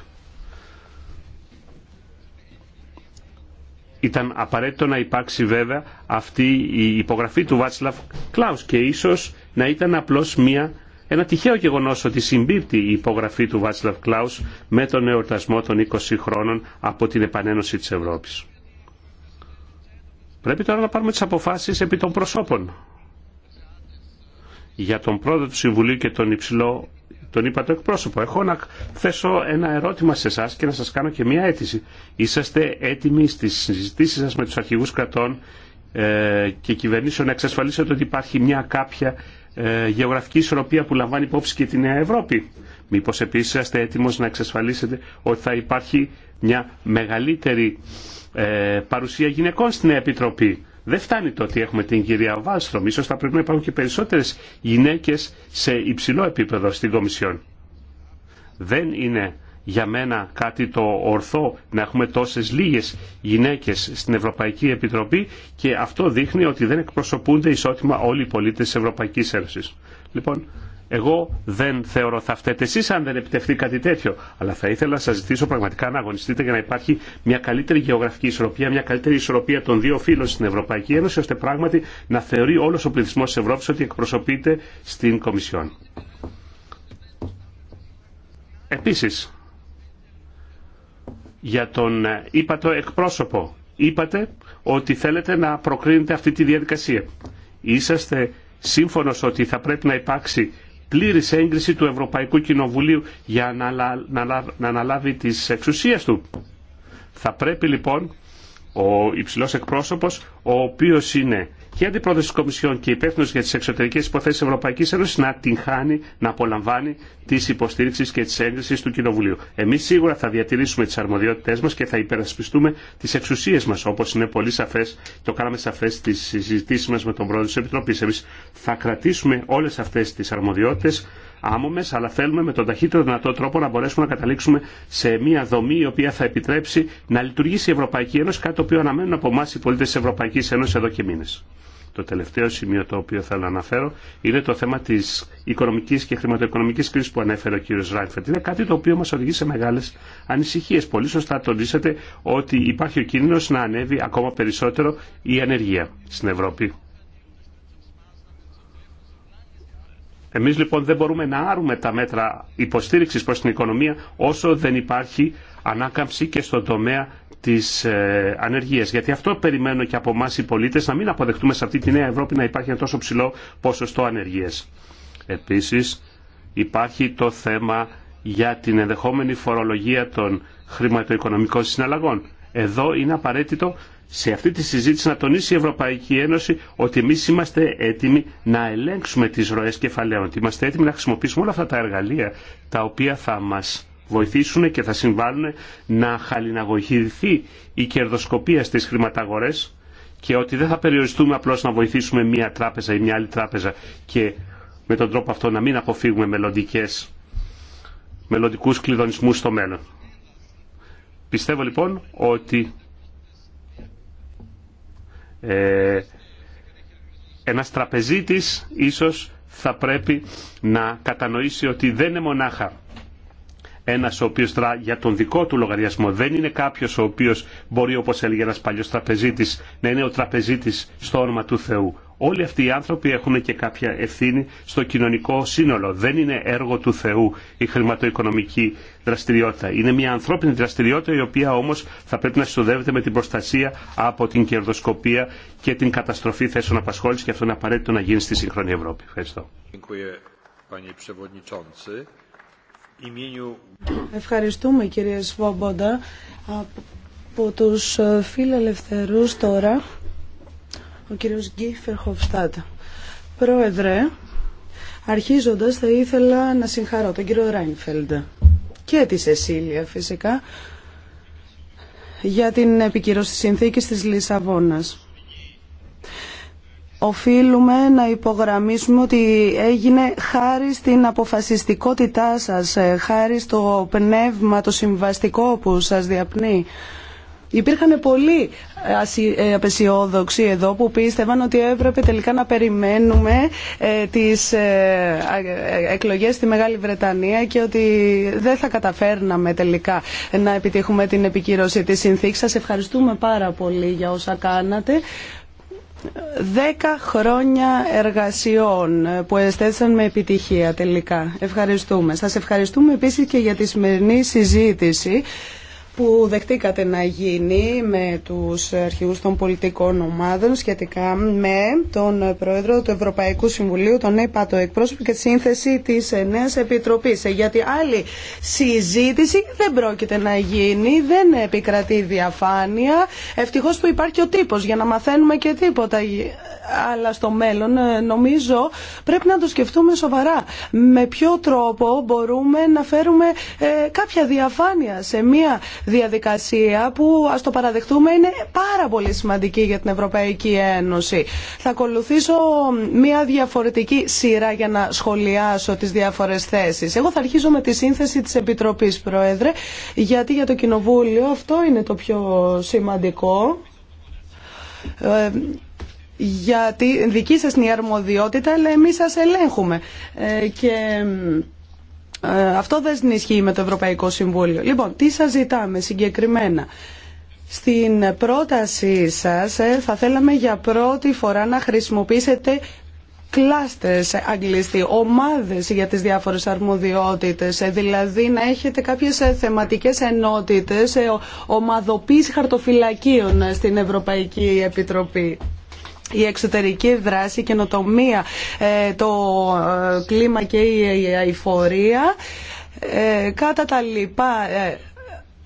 Ήταν απαραίτητο να υπάρξει βέβαια αυτή η υπογραφή του Βάτσλαφ Κλάους και ίσως να ήταν απλώς μια ένα τυχαίο γεγονό ότι συμπίπτει η υπογραφή του Βάτσλαβ Κλάου με τον εορτασμό των 20 χρόνων από την επανένωση της Ευρώπης. Πρέπει τώρα να πάρουμε τις αποφάσεις επί των προσώπων. Για τον πρόεδρο του Συμβουλίου και τον υψηλό τον είπα το εκπρόσωπο. Έχω να θέσω ένα ερώτημα σε εσά και να σα κάνω και μία αίτηση. Είσαστε έτοιμοι στι συζητήσει σα με του αρχηγού κρατών ε, και κυβερνήσεων να εξασφαλίσετε ότι υπάρχει μια κάποια ε, γεωγραφική ισορροπία που λαμβάνει υπόψη και τη Νέα Ευρώπη. Μήπως επίσης είστε έτοιμος να εξασφαλίσετε ότι θα υπάρχει μια μεγαλύτερη ε, παρουσία γυναικών στην Επιτροπή. Δεν φτάνει το ότι έχουμε την κυρία Βάστρομ. Ίσως θα πρέπει να υπάρχουν και περισσότερες γυναίκες σε υψηλό επίπεδο στην Κομισιόν. Δεν είναι για μένα κάτι το ορθό να έχουμε τόσες λίγες γυναίκες στην Ευρωπαϊκή Επιτροπή και αυτό δείχνει ότι δεν εκπροσωπούνται ισότιμα όλοι οι πολίτες της Ευρωπαϊκής Ένωσης. Λοιπόν, εγώ δεν θεωρώ θα φταίτε εσείς αν δεν επιτευχθεί κάτι τέτοιο, αλλά θα ήθελα να σας ζητήσω πραγματικά να αγωνιστείτε για να υπάρχει μια καλύτερη γεωγραφική ισορροπία, μια καλύτερη ισορροπία των δύο φύλων στην Ευρωπαϊκή Ένωση, ώστε πράγματι να θεωρεί όλο ο πληθυσμός της Ευρώπης ότι εκπροσωπείται στην Κομισιόν. Επίσης, για τον ύπατο ε, εκπρόσωπο. Είπατε ότι θέλετε να προκρίνετε αυτή τη διαδικασία. Είσαστε σύμφωνος ότι θα πρέπει να υπάρξει πλήρης έγκριση του Ευρωπαϊκού Κοινοβουλίου για να αναλάβει τις εξουσίες του. Θα πρέπει λοιπόν ο υψηλός εκπρόσωπος, ο οποίος είναι και αντιπρόεδρο τη Κομισιόν και υπεύθυνο για τι εξωτερικέ υποθέσει Ευρωπαϊκή Ένωση να την χάνει, να απολαμβάνει τη υποστήριξη και τη έγκριση του Κοινοβουλίου. Εμεί σίγουρα θα διατηρήσουμε τι αρμοδιότητέ μα και θα υπερασπιστούμε τι εξουσίε μα, όπω είναι πολύ σαφέ, το κάναμε σαφέ στι συζητήσει μα με τον πρόεδρο τη Επιτροπή. Εμεί θα κρατήσουμε όλε αυτέ τι αρμοδιότητε άμομε, αλλά θέλουμε με τον ταχύτερο δυνατό τρόπο να μπορέσουμε να καταλήξουμε σε μια δομή η οποία θα επιτρέψει να λειτουργήσει η Ευρωπαϊκή Ένωση, κάτι το οποίο αναμένουν από εμά οι πολίτε τη Ευρωπαϊκή Ένωση εδώ και μήνε. Το τελευταίο σημείο το οποίο θέλω να αναφέρω είναι το θέμα τη οικονομική και χρηματοοικονομική κρίση που ανέφερε ο κ. Ράιφερτ. Είναι κάτι το οποίο μα οδηγεί σε μεγάλε ανησυχίε. Πολύ σωστά τονίσατε ότι υπάρχει ο κίνδυνο να ανέβει ακόμα περισσότερο η ανεργία στην Ευρώπη. Εμείς λοιπόν δεν μπορούμε να άρουμε τα μέτρα υποστήριξης προς την οικονομία όσο δεν υπάρχει ανάκαμψη και στον τομέα τη ε, ανεργία. Γιατί αυτό περιμένουν και από εμά οι πολίτε να μην αποδεχτούμε σε αυτή τη νέα Ευρώπη να υπάρχει ένα τόσο ψηλό ποσοστό ανεργία. Επίση, υπάρχει το θέμα για την ενδεχόμενη φορολογία των χρηματοοικονομικών συναλλαγών. Εδώ είναι απαραίτητο σε αυτή τη συζήτηση να τονίσει η Ευρωπαϊκή Ένωση ότι εμεί είμαστε έτοιμοι να ελέγξουμε τι ροέ κεφαλαίων, ότι είμαστε έτοιμοι να χρησιμοποιήσουμε όλα αυτά τα εργαλεία τα οποία θα μας βοηθήσουν και θα συμβάλλουν να χαλιναγωγηθεί η κερδοσκοπία στις χρηματαγορές και ότι δεν θα περιοριστούμε απλώς να βοηθήσουμε μία τράπεζα ή μία άλλη τράπεζα και με τον τρόπο αυτό να μην αποφύγουμε μελλοντικού μελλοντικούς στο μέλλον. Πιστεύω λοιπόν ότι ε, ένας τραπεζίτης ίσως θα πρέπει να κατανοήσει ότι δεν είναι μονάχα ένας ο οποίος δρά για τον δικό του λογαριασμό. Δεν είναι κάποιος ο οποίος μπορεί όπως έλεγε ένας παλιός τραπεζίτης να είναι ο τραπεζίτης στο όνομα του Θεού. Όλοι αυτοί οι άνθρωποι έχουν και κάποια ευθύνη στο κοινωνικό σύνολο. Δεν είναι έργο του Θεού η χρηματοοικονομική δραστηριότητα. Είναι μια ανθρώπινη δραστηριότητα η οποία όμως θα πρέπει να συνοδεύεται με την προστασία από την κερδοσκοπία και την καταστροφή θέσεων απασχόληση και αυτό είναι απαραίτητο να γίνει στη σύγχρονη Ευρώπη. Ευχαριστώ. Ευχαριστούμε κύριε Σβόμποντα. Από τους ε, φιλελευθερούς τώρα, ο κύριος Γκίφερ Χοφστάτ. Πρόεδρε, αρχίζοντας θα ήθελα να συγχαρώ τον κύριο Ράινφελντ και τη Σεσίλια φυσικά για την επικυρώση της συνθήκης της Λισαβόνας. Οφείλουμε να υπογραμμίσουμε ότι έγινε χάρη στην αποφασιστικότητά σας, ε, χάρη στο πνεύμα, το συμβαστικό που σας διαπνεί. Υπήρχαν πολλοί ε, απεσιόδοξοι εδώ που πίστευαν ότι έπρεπε τελικά να περιμένουμε ε, τις εκλογές στη Μεγάλη Βρετανία και ότι δεν θα καταφέρναμε τελικά να επιτύχουμε την επικύρωση της συνθήκης. Σας ευχαριστούμε πάρα πολύ για όσα κάνατε. Δέκα χρόνια εργασιών που εστέσαν με επιτυχία τελικά. Ευχαριστούμε. Σας ευχαριστούμε επίσης και για τη σημερινή συζήτηση που δεχτήκατε να γίνει με τους αρχηγούς των πολιτικών ομάδων σχετικά με τον Πρόεδρο του Ευρωπαϊκού Συμβουλίου, τον ΕΠΑΤΟ εκπρόσωπο και τη σύνθεση της νέας επιτροπής. Γιατί άλλη συζήτηση δεν πρόκειται να γίνει, δεν επικρατεί διαφάνεια. Ευτυχώς που υπάρχει ο τύπος για να μαθαίνουμε και τίποτα. Αλλά στο μέλλον ε, νομίζω πρέπει να το σκεφτούμε σοβαρά. Με ποιο τρόπο μπορούμε να φέρουμε ε, κάποια διαφάνεια σε μια διαδικασία που, α το παραδεχτούμε, είναι πάρα πολύ σημαντική για την Ευρωπαϊκή Ένωση. Θα ακολουθήσω μια διαφορετική σειρά για να σχολιάσω τις διάφορες θέσεις. Εγώ θα αρχίσω με τη σύνθεση της Επιτροπής, Πρόεδρε, γιατί για το Κοινοβούλιο αυτό είναι το πιο σημαντικό ε, γιατί δική σας είναι η αρμοδιότητα, αλλά εμείς σας ελέγχουμε. Ε, ε, αυτό δεν συνισχύει με το Ευρωπαϊκό Συμβούλιο. Λοιπόν, τι σας ζητάμε συγκεκριμένα. Στην πρότασή σας ε, θα θέλαμε για πρώτη φορά να χρησιμοποιήσετε κλάστες ε, αγγλιστή, ομάδες για τις διάφορες αρμοδιότητες, δηλαδή να έχετε κάποιες θεματικές ενότητες ομαδοποίηση χαρτοφυλακίων στην Ευρωπαϊκή Επιτροπή η εξωτερική δράση, η καινοτομία, ε, το ε, κλίμα και η αηφορία. Ε, κατά τα λοιπά,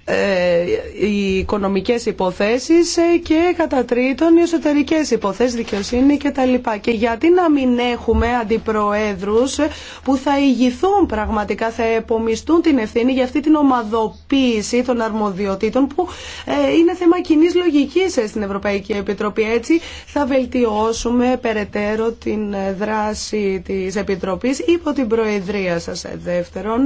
ε, οι οικονομικές υποθέσεις ε, και κατά τρίτον οι εσωτερικές υποθέσεις, δικαιοσύνη και τα λοιπά. Και γιατί να μην έχουμε αντιπροέδρους που θα ηγηθούν πραγματικά, θα επομιστούν την ευθύνη για αυτή την ομαδοποίηση των αρμοδιοτήτων που ε, είναι θέμα κοινή λογικής στην Ευρωπαϊκή Επιτροπή. Έτσι θα βελτιώσουμε περαιτέρω την δράση της Επιτροπής υπό την Προεδρία σας. Δεύτερον,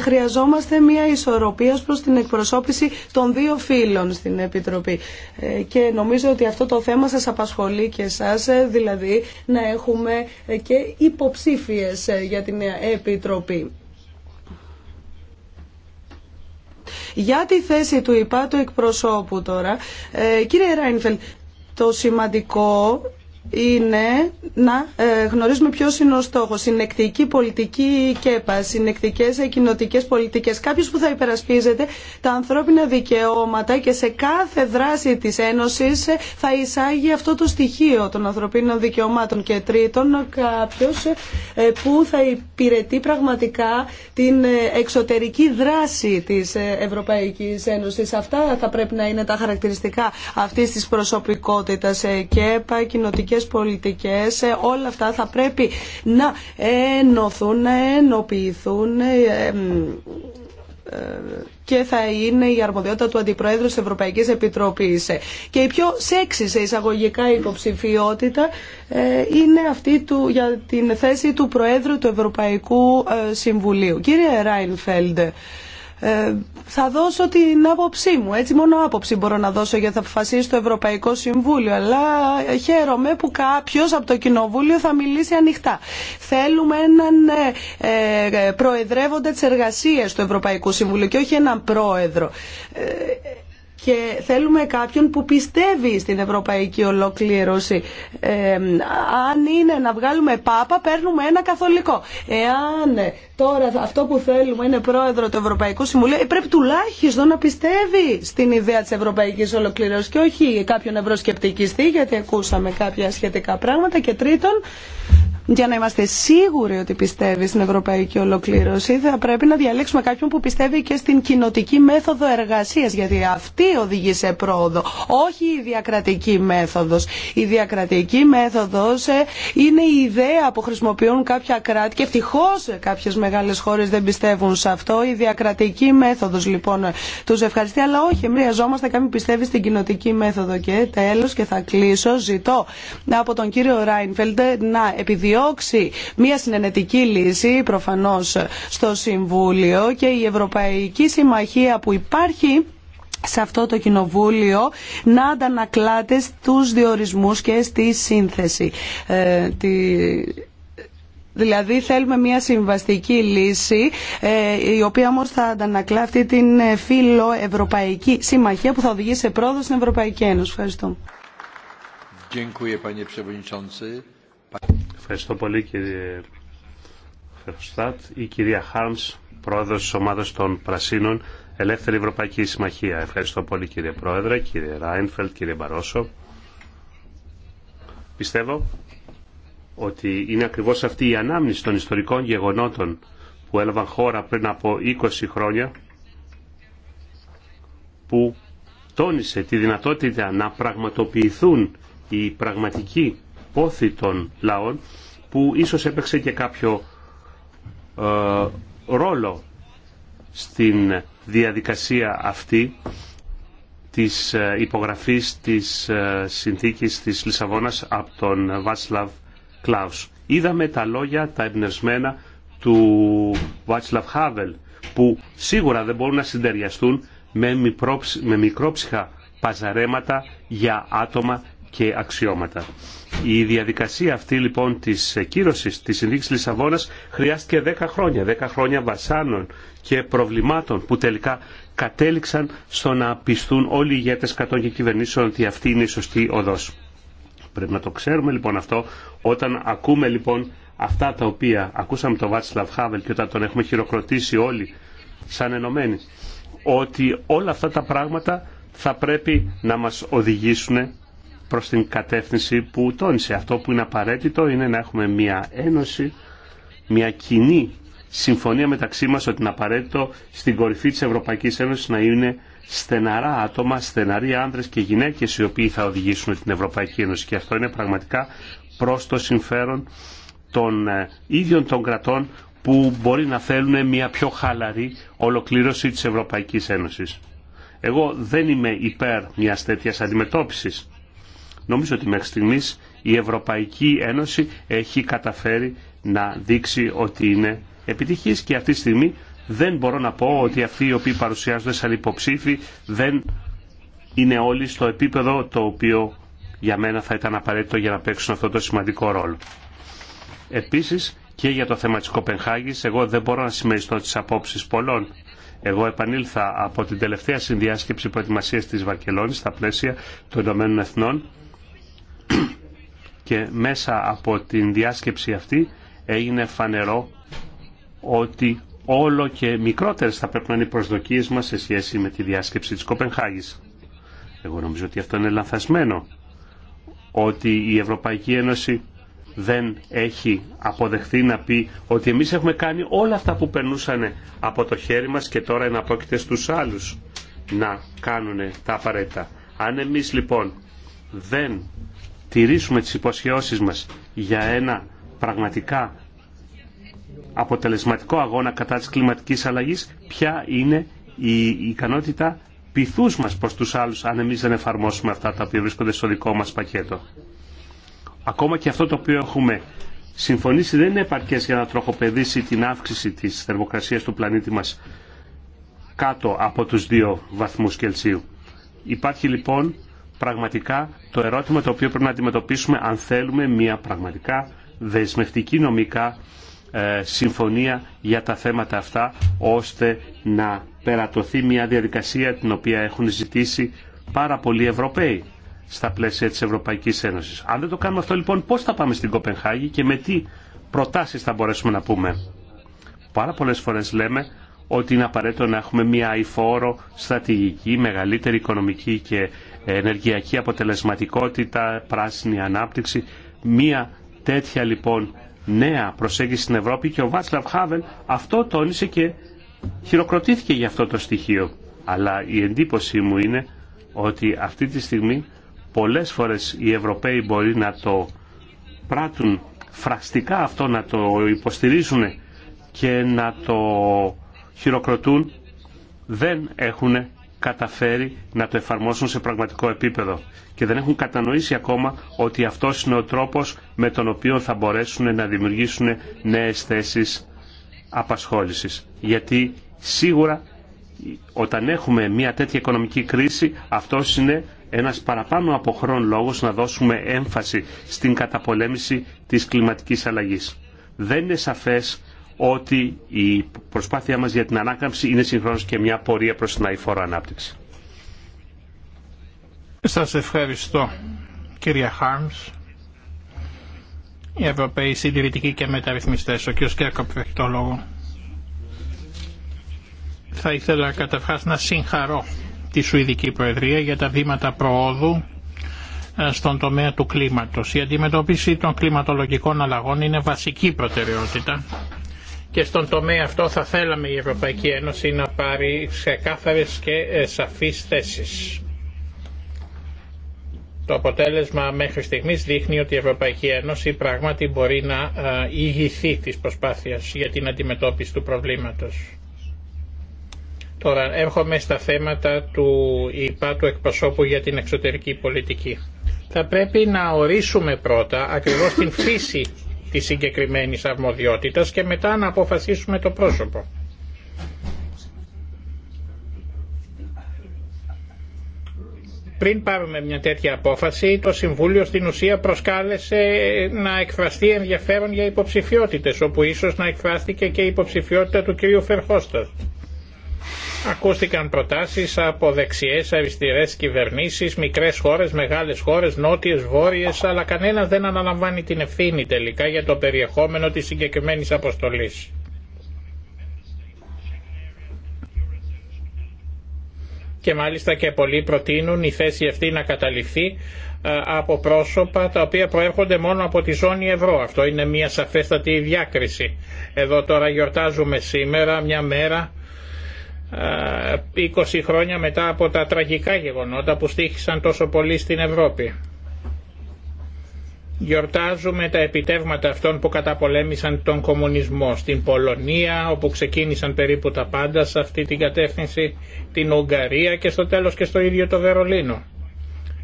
χρειαζόμαστε μια ισορροπία προς την αντιπροσώπηση των δύο φίλων στην Επιτροπή. Ε, και νομίζω ότι αυτό το θέμα σας απασχολεί και εσάς, ε, δηλαδή να έχουμε ε, και υποψήφιες για την Επιτροπή. Για τη θέση του υπάτου εκπροσώπου τώρα, κύριε Ράινφελ, το σημαντικό είναι να ε, γνωρίζουμε ποιο είναι ο στόχο. Συνεκτική πολιτική ΚΕΠΑ, συνεκτικέ κοινοτικέ πολιτικέ. Κάποιο που θα υπερασπίζεται τα ανθρώπινα δικαιώματα και σε κάθε δράση τη Ένωση ε, θα εισάγει αυτό το στοιχείο των ανθρωπίνων δικαιωμάτων. Και τρίτον, κάποιο ε, που θα υπηρετεί πραγματικά την εξωτερική δράση τη Ευρωπαϊκή Ένωση. Αυτά θα πρέπει να είναι τα χαρακτηριστικά αυτή τη προσωπικότητα ΚΕΠΑ, κοινοτικέ πολιτικέ, πολιτικές, ε, όλα αυτά θα πρέπει να ενωθούν, να ενοποιηθούν ε, ε, και θα είναι η αρμοδιότητα του Αντιπρόεδρου της Ευρωπαϊκής Επιτροπής. Και η πιο σεξι σε εισαγωγικά υποψηφιότητα είναι αυτή του, για την θέση του Προέδρου του Ευρωπαϊκού Συμβουλίου. Κύριε Ράινφελντ, ε, θα δώσω την άποψή μου. Έτσι μόνο άποψη μπορώ να δώσω για θα αποφασίσει το Ευρωπαϊκό Συμβούλιο. Αλλά χαίρομαι που κάποιο από το Κοινοβούλιο θα μιλήσει ανοιχτά. Θέλουμε έναν ε, ε, προεδρεύοντα τη εργασία του Ευρωπαϊκού Συμβουλίου και όχι έναν πρόεδρο και θέλουμε κάποιον που πιστεύει στην ευρωπαϊκή ολοκλήρωση. Ε, αν είναι να βγάλουμε πάπα, παίρνουμε ένα καθολικό. Εάν ε, τώρα αυτό που θέλουμε είναι πρόεδρο του Ευρωπαϊκού Συμβουλίου, ε, πρέπει τουλάχιστον να πιστεύει στην ιδέα της ευρωπαϊκής Ολοκλήρωση και όχι κάποιον ευρωσκεπτικιστή, γιατί ακούσαμε κάποια σχετικά πράγματα. Και τρίτον, για να είμαστε σίγουροι ότι πιστεύει στην ευρωπαϊκή ολοκλήρωση, θα πρέπει να διαλέξουμε κάποιον που πιστεύει και στην κοινοτική μέθοδο εργασία, γιατί αυτή οδηγεί σε πρόοδο, όχι η διακρατική μέθοδο. Η διακρατική μέθοδο ε, είναι η ιδέα που χρησιμοποιούν κάποια κράτη και ευτυχώ κάποιε μεγάλε χώρε δεν πιστεύουν σε αυτό. Η διακρατική μέθοδο λοιπόν ε, του ευχαριστεί, αλλά όχι, Μιαζόμαστε κάποιον πιστεύει στην κοινοτική μέθοδο. Και τέλο, και θα κλείσω, ζητώ από τον κύριο Ράινφελντ να επιδιώξει μια συνενετική λύση προφανώς στο Συμβούλιο και η Ευρωπαϊκή Συμμαχία που υπάρχει σε αυτό το κοινοβούλιο να αντανακλάται στους διορισμούς και στη σύνθεση. Ε, δηλαδή θέλουμε μια συμβαστική λύση ε, η οποία όμως θα αντανακλά αυτή την ε, φιλοευρωπαϊκή συμμαχία που θα οδηγεί σε πρόοδο στην Ευρωπαϊκή Ένωση. Ευχαριστώ. Ευχαριστώ πολύ κύριε Φερστάτ. Η κυρία Χάρμς, πρόεδρος της ομάδας των Πρασίνων, Ελεύθερη Ευρωπαϊκή Συμμαχία. Ευχαριστώ πολύ κύριε Πρόεδρε, κύριε Ράινφελτ, κύριε Μπαρόσο. Πιστεύω ότι είναι ακριβώς αυτή η ανάμνηση των ιστορικών γεγονότων που έλαβαν χώρα πριν από 20 χρόνια που τόνισε τη δυνατότητα να πραγματοποιηθούν οι πραγματικοί πόθη λαών που ίσως έπαιξε και κάποιο ε, ρόλο στην διαδικασία αυτή της ε, υπογραφής της ε, συνθήκης της Λισαβόνας από τον Βάτσλαβ Κλάους. Είδαμε τα λόγια, τα εμπνευσμένα του Βάτσλαβ Χάβελ που σίγουρα δεν μπορούν να συντεριαστούν με, μικρόψυχα παζαρέματα για άτομα και αξιώματα. Η διαδικασία αυτή λοιπόν της κύρωσης της συνδίκης Λισαβόνας χρειάστηκε 10 χρόνια, 10 χρόνια βασάνων και προβλημάτων που τελικά κατέληξαν στο να πιστούν όλοι οι ηγέτες κατών και κυβερνήσεων ότι αυτή είναι η σωστή οδός. Πρέπει να το ξέρουμε λοιπόν αυτό όταν ακούμε λοιπόν αυτά τα οποία ακούσαμε τον Βάτσλαβ Χάβελ και όταν τον έχουμε χειροκροτήσει όλοι σαν ενωμένοι ότι όλα αυτά τα πράγματα θα πρέπει να μας οδηγήσουν προς την κατεύθυνση που τόνισε. Αυτό που είναι απαραίτητο είναι να έχουμε μια ένωση, μια κοινή συμφωνία μεταξύ μας ότι είναι απαραίτητο στην κορυφή της Ευρωπαϊκής Ένωσης να είναι στεναρά άτομα, στεναροί άνδρες και γυναίκες οι οποίοι θα οδηγήσουν την Ευρωπαϊκή Ένωση και αυτό είναι πραγματικά προς το συμφέρον των ε, ίδιων των κρατών που μπορεί να θέλουν μια πιο χαλαρή ολοκλήρωση της Ευρωπαϊκής Ένωσης. Εγώ δεν είμαι υπέρ μιας τέτοιας αντιμετώπισης Νομίζω ότι μέχρι στιγμής η Ευρωπαϊκή Ένωση έχει καταφέρει να δείξει ότι είναι επιτυχής και αυτή τη στιγμή δεν μπορώ να πω ότι αυτοί οι οποίοι παρουσιάζονται σαν υποψήφοι δεν είναι όλοι στο επίπεδο το οποίο για μένα θα ήταν απαραίτητο για να παίξουν αυτό το σημαντικό ρόλο. Επίσης και για το θέμα της Κοπενχάγης εγώ δεν μπορώ να συμμεριστώ τις απόψεις πολλών. Εγώ επανήλθα από την τελευταία συνδιάσκεψη προετοιμασία της Βαρκελόνης στα πλαίσια των Ηνωμένων Εθνών και μέσα από την διάσκεψη αυτή έγινε φανερό ότι όλο και μικρότερες θα πρέπει να είναι οι προσδοκίες μας σε σχέση με τη διάσκεψη της Κοπενχάγης. Εγώ νομίζω ότι αυτό είναι λανθασμένο, ότι η Ευρωπαϊκή Ένωση δεν έχει αποδεχθεί να πει ότι εμείς έχουμε κάνει όλα αυτά που περνούσαν από το χέρι μας και τώρα είναι απόκειται στους άλλους να κάνουν τα απαραίτητα. Αν εμείς λοιπόν δεν τηρήσουμε τις υποσχεώσεις μας για ένα πραγματικά αποτελεσματικό αγώνα κατά της κλιματικής αλλαγής, ποια είναι η ικανότητα πειθούς μας προς τους άλλους αν εμείς δεν εφαρμόσουμε αυτά τα οποία βρίσκονται στο δικό μας πακέτο. Ακόμα και αυτό το οποίο έχουμε συμφωνήσει δεν είναι επαρκέ για να τροχοπεδίσει την αύξηση της θερμοκρασίας του πλανήτη μας κάτω από τους 2 βαθμούς Κελσίου. Υπάρχει λοιπόν πραγματικά το ερώτημα το οποίο πρέπει να αντιμετωπίσουμε αν θέλουμε μια πραγματικά δεσμευτική νομικά ε, συμφωνία για τα θέματα αυτά ώστε να περατωθεί μια διαδικασία την οποία έχουν ζητήσει πάρα πολλοί Ευρωπαίοι στα πλαίσια της Ευρωπαϊκής Ένωσης. Αν δεν το κάνουμε αυτό λοιπόν πώς θα πάμε στην Κοπενχάγη και με τι προτάσεις θα μπορέσουμε να πούμε. Πάρα πολλές φορές λέμε ότι είναι απαραίτητο να έχουμε μια αηφόρο στρατηγική, μεγαλύτερη οικονομική και ενεργειακή αποτελεσματικότητα, πράσινη ανάπτυξη. Μια τέτοια λοιπόν νέα προσέγγιση στην Ευρώπη και ο Βάτσλαβ Χάβελ αυτό τόνισε και χειροκροτήθηκε για αυτό το στοιχείο. Αλλά η εντύπωσή μου είναι ότι αυτή τη στιγμή πολλές φορές οι Ευρωπαίοι μπορεί να το πράττουν φραστικά αυτό, να το υποστηρίζουν και να το χειροκροτούν δεν έχουν καταφέρει να το εφαρμόσουν σε πραγματικό επίπεδο και δεν έχουν κατανοήσει ακόμα ότι αυτό είναι ο τρόπος με τον οποίο θα μπορέσουν να δημιουργήσουν νέες θέσεις απασχόλησης. Γιατί σίγουρα όταν έχουμε μια τέτοια οικονομική κρίση αυτό είναι ένας παραπάνω από χρόν λόγος να δώσουμε έμφαση στην καταπολέμηση της κλιματικής αλλαγής. Δεν είναι σαφές ότι η προσπάθειά μας για την ανάκαμψη είναι συγχρόνως και μια πορεία προς την αηφόρο ανάπτυξη. Σας ευχαριστώ κύριε Χάρμς. Οι Ευρωπαίοι Συντηρητικοί και Μεταρρυθμιστές, ο κ. Κέρκοπ έχει το λόγο. Θα ήθελα καταρχάς να συγχαρώ τη Σουηδική Προεδρία για τα βήματα προόδου ε, στον τομέα του κλίματος. Η αντιμετώπιση των κλιματολογικών αλλαγών είναι βασική προτεραιότητα και στον τομέα αυτό θα θέλαμε η Ευρωπαϊκή Ένωση να πάρει κάθαρες και ε, σαφείς θέσεις. Το αποτέλεσμα μέχρι στιγμής δείχνει ότι η Ευρωπαϊκή Ένωση πράγματι μπορεί να ε, ηγηθεί της προσπάθειας για την αντιμετώπιση του προβλήματος. Τώρα έρχομαι στα θέματα του ΙΠΑ του εκπροσώπου για την εξωτερική πολιτική. Θα πρέπει να ορίσουμε πρώτα ακριβώς την φύση τη συγκεκριμένη αρμοδιότητα και μετά να αποφασίσουμε το πρόσωπο. Πριν πάρουμε μια τέτοια απόφαση, το Συμβούλιο στην ουσία προσκάλεσε να εκφραστεί ενδιαφέρον για υποψηφιότητες, όπου ίσως να εκφράστηκε και η υποψηφιότητα του κ. Φερχώστας. Ακούστηκαν προτάσεις από δεξιές αριστερέ κυβερνήσει, μικρές χώρες, μεγάλες χώρες, νότιες, βόρειες, αλλά κανένα δεν αναλαμβάνει την ευθύνη τελικά για το περιεχόμενο τη συγκεκριμένη αποστολή. Και μάλιστα και πολλοί προτείνουν η θέση αυτή να καταληφθεί ε, από πρόσωπα τα οποία προέρχονται μόνο από τη ζώνη ευρώ. Αυτό είναι μια σαφέστατη διάκριση. Εδώ τώρα γιορτάζουμε σήμερα μια μέρα 20 ε, χρόνια μετά από τα τραγικά γεγονότα που στήχησαν τόσο πολύ στην Ευρώπη. Γιορτάζουμε τα επιτεύγματα αυτών που καταπολέμησαν τον κομμουνισμό στην Πολωνία όπου ξεκίνησαν περίπου τα πάντα σε αυτή την κατεύθυνση την Ουγγαρία και στο τέλος και στο ίδιο το Βερολίνο.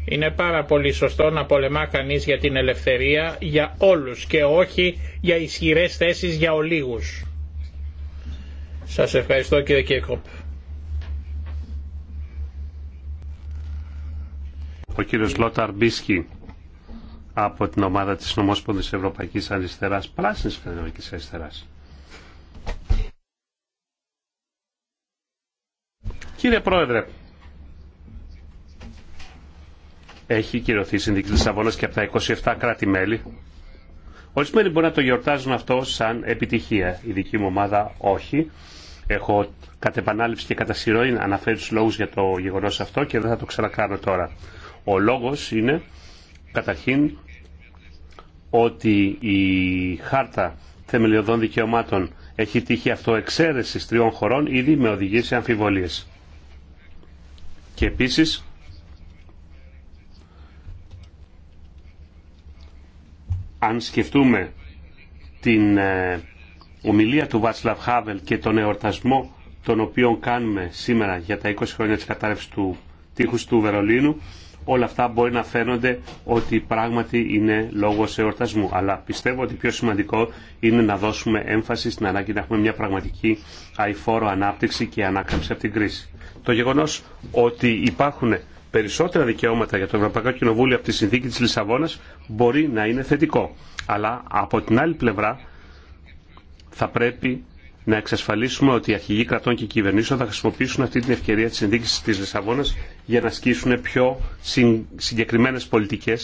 Είναι πάρα πολύ σωστό να πολεμά κανείς για την ελευθερία για όλους και όχι για ισχυρές θέσεις για ολίγους. Σας ευχαριστώ κύριε Κέκοπ. Ο κύριος Λόταρ Μπίσκι από την ομάδα της Νομόσπονδης Ευρωπαϊκής Αριστεράς, Πράσινης Φεδερικής Αριστεράς. Κύριε Πρόεδρε, έχει κυρωθεί η Συνδίκη Λισαβόνας και από τα 27 κράτη-μέλη. Ορισμένοι μπορεί να το γιορτάζουν αυτό σαν επιτυχία. Η δική μου ομάδα όχι. Έχω κατ' επανάληψη και κατά συρροή αναφέρει τους λόγους για το γεγονός αυτό και δεν θα το ξανακάνω τώρα. Ο λόγος είναι καταρχήν ότι η χάρτα θεμελιωδών δικαιωμάτων έχει τύχει αυτοεξαίρεση τριών χωρών ήδη με οδηγίες σε αμφιβολίες. Και επίσης αν σκεφτούμε την ε, ομιλία του Βάτσλαβ Χάβελ και τον εορτασμό τον οποίο κάνουμε σήμερα για τα 20 χρόνια της κατάρρευσης του τείχους του Βερολίνου όλα αυτά μπορεί να φαίνονται ότι πράγματι είναι λόγος εορτασμού. Αλλά πιστεύω ότι πιο σημαντικό είναι να δώσουμε έμφαση στην ανάγκη να έχουμε μια πραγματική αηφόρο ανάπτυξη και ανάκαμψη από την κρίση. Το γεγονός ότι υπάρχουν περισσότερα δικαιώματα για το Ευρωπαϊκό Κοινοβούλιο από τη συνθήκη της Λισαβόνα μπορεί να είναι θετικό. Αλλά από την άλλη πλευρά θα πρέπει να εξασφαλίσουμε ότι οι αρχηγοί κρατών και κυβερνήσεων θα χρησιμοποιήσουν αυτή την ευκαιρία τη συνδίκησης τη Λισαβόνα για να ασκήσουν πιο συγκεκριμένε πολιτικέ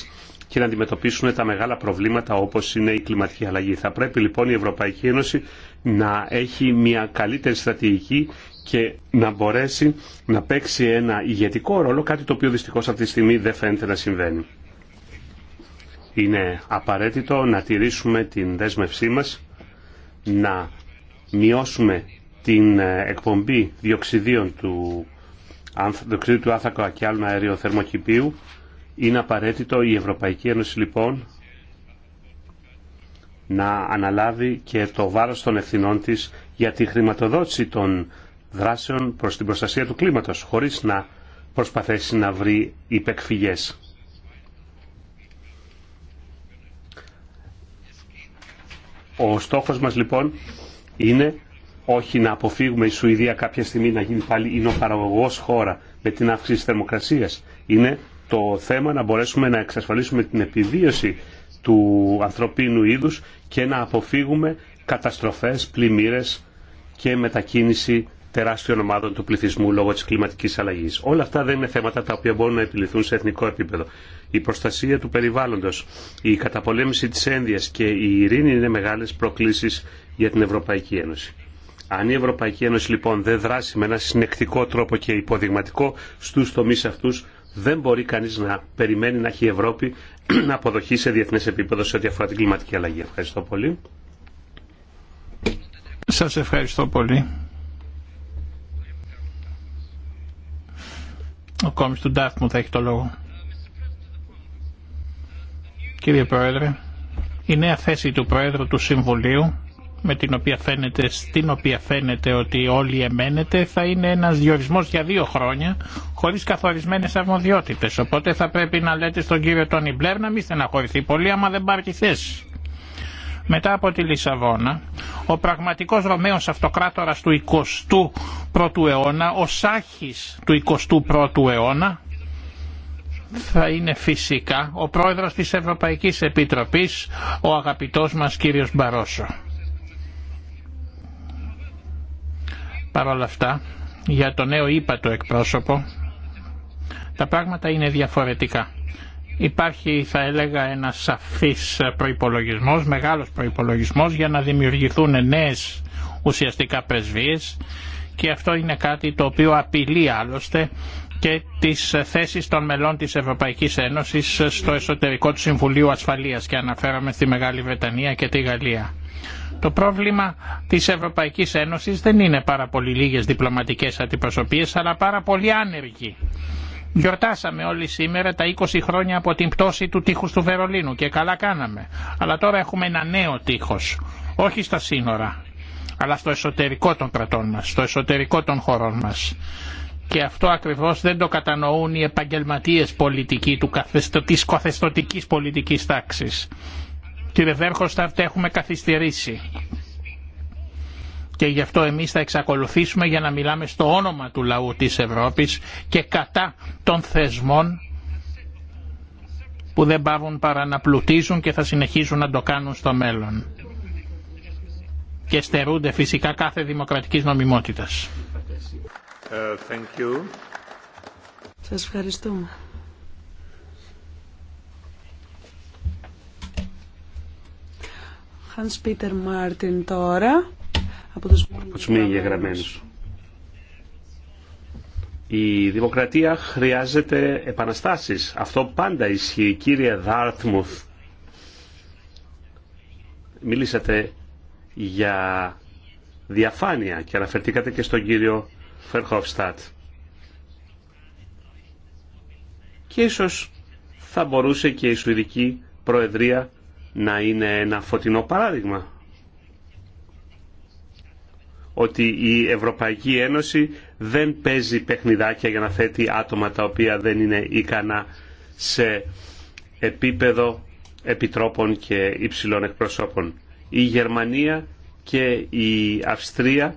και να αντιμετωπίσουν τα μεγάλα προβλήματα όπω είναι η κλιματική αλλαγή. Θα πρέπει λοιπόν η Ευρωπαϊκή Ένωση να έχει μια καλύτερη στρατηγική και να μπορέσει να παίξει ένα ηγετικό ρόλο, κάτι το οποίο δυστυχώ αυτή τη στιγμή δεν φαίνεται να συμβαίνει. Είναι απαραίτητο να τηρήσουμε την δέσμευσή μας, να μειώσουμε την ε, εκπομπή διοξιδίων του, διοξιδίου του άνθρακα και άλλων αερίων θερμοκηπίου είναι απαραίτητο η Ευρωπαϊκή Ένωση λοιπόν να αναλάβει και το βάρος των ευθυνών της για τη χρηματοδότηση των δράσεων προς την προστασία του κλίματος χωρίς να προσπαθήσει να βρει υπεκφυγές. Ο στόχος μας λοιπόν είναι όχι να αποφύγουμε η Σουηδία κάποια στιγμή να γίνει πάλι εινοπαραγωγός χώρα με την αύξηση της θερμοκρασίας. Είναι το θέμα να μπορέσουμε να εξασφαλίσουμε την επιβίωση του ανθρωπίνου είδους και να αποφύγουμε καταστροφές, πλημμύρες και μετακίνηση τεράστιων ομάδων του πληθυσμού λόγω της κλιματικής αλλαγής. Όλα αυτά δεν είναι θέματα τα οποία μπορούν να επιληθούν σε εθνικό επίπεδο η προστασία του περιβάλλοντος, η καταπολέμηση της ένδυας και η ειρήνη είναι μεγάλες προκλήσεις για την Ευρωπαϊκή Ένωση. Αν η Ευρωπαϊκή Ένωση λοιπόν δεν δράσει με ένα συνεκτικό τρόπο και υποδειγματικό στους τομείς αυτούς, δεν μπορεί κανείς να περιμένει να έχει η Ευρώπη να αποδοχεί σε διεθνές επίπεδο σε ό,τι αφορά την κλιματική αλλαγή. Ευχαριστώ πολύ. Σας ευχαριστώ πολύ. Ο κόμις του μου θα έχει το λόγο. Κύριε Πρόεδρε, η νέα θέση του Πρόεδρου του Συμβουλίου με την οποία φαίνεται, στην οποία φαίνεται ότι όλοι εμένετε θα είναι ένας διορισμός για δύο χρόνια χωρίς καθορισμένες αρμοδιότητες. Οπότε θα πρέπει να λέτε στον κύριο Τόνι Μπλερ να μην στεναχωρηθεί πολύ άμα δεν πάρει τη θέση. Μετά από τη Λισαβόνα, ο πραγματικός Ρωμαίος αυτοκράτορας του 21ου αιώνα, ο Σάχης του 21ου αιώνα, θα είναι φυσικά ο πρόεδρος της Ευρωπαϊκής Επιτροπής, ο αγαπητός μας κύριος Μπαρόσο. Παρ' όλα αυτά, για το νέο ύπατο εκπρόσωπο, τα πράγματα είναι διαφορετικά. Υπάρχει, θα έλεγα, ένα σαφής προϋπολογισμός, μεγάλος προϋπολογισμός για να δημιουργηθούν νέες ουσιαστικά πρεσβείες και αυτό είναι κάτι το οποίο απειλεί άλλωστε και τις θέσεις των μελών της Ευρωπαϊκής Ένωσης στο εσωτερικό του Συμβουλίου Ασφαλείας και αναφέραμε στη Μεγάλη Βρετανία και τη Γαλλία. Το πρόβλημα της Ευρωπαϊκής Ένωσης δεν είναι πάρα πολύ λίγες διπλωματικές αντιπροσωπείες αλλά πάρα πολύ άνεργοι. Γιορτάσαμε όλοι σήμερα τα 20 χρόνια από την πτώση του τείχους του Βερολίνου και καλά κάναμε. Αλλά τώρα έχουμε ένα νέο τείχος, όχι στα σύνορα, αλλά στο εσωτερικό των κρατών μας, στο εσωτερικό των χωρών μας και αυτό ακριβώς δεν το κατανοούν οι επαγγελματίες πολιτικοί του καθεστω, της τάξη. πολιτικής τάξης. Κύριε Βέρχοσταρτ έχουμε καθυστερήσει και γι' αυτό εμείς θα εξακολουθήσουμε για να μιλάμε στο όνομα του λαού της Ευρώπης και κατά των θεσμών που δεν πάβουν παρά να πλουτίζουν και θα συνεχίζουν να το κάνουν στο μέλλον και στερούνται φυσικά κάθε δημοκρατικής νομιμότητας. Ε, thank you. Σας ευχαριστούμε. Hans Peter Martin τώρα από τους, από τους Η δημοκρατία χρειάζεται επαναστάσεις. Αυτό πάντα ισχύει. Κύριε Δάρτμουθ, μιλήσατε για διαφάνεια και αναφερθήκατε και στον κύριο και ίσως θα μπορούσε και η Σουηδική Προεδρία να είναι ένα φωτεινό παράδειγμα. Ότι η Ευρωπαϊκή Ένωση δεν παίζει παιχνιδάκια για να θέτει άτομα τα οποία δεν είναι ικανά σε επίπεδο επιτρόπων και υψηλών εκπροσώπων. Η Γερμανία και η Αυστρία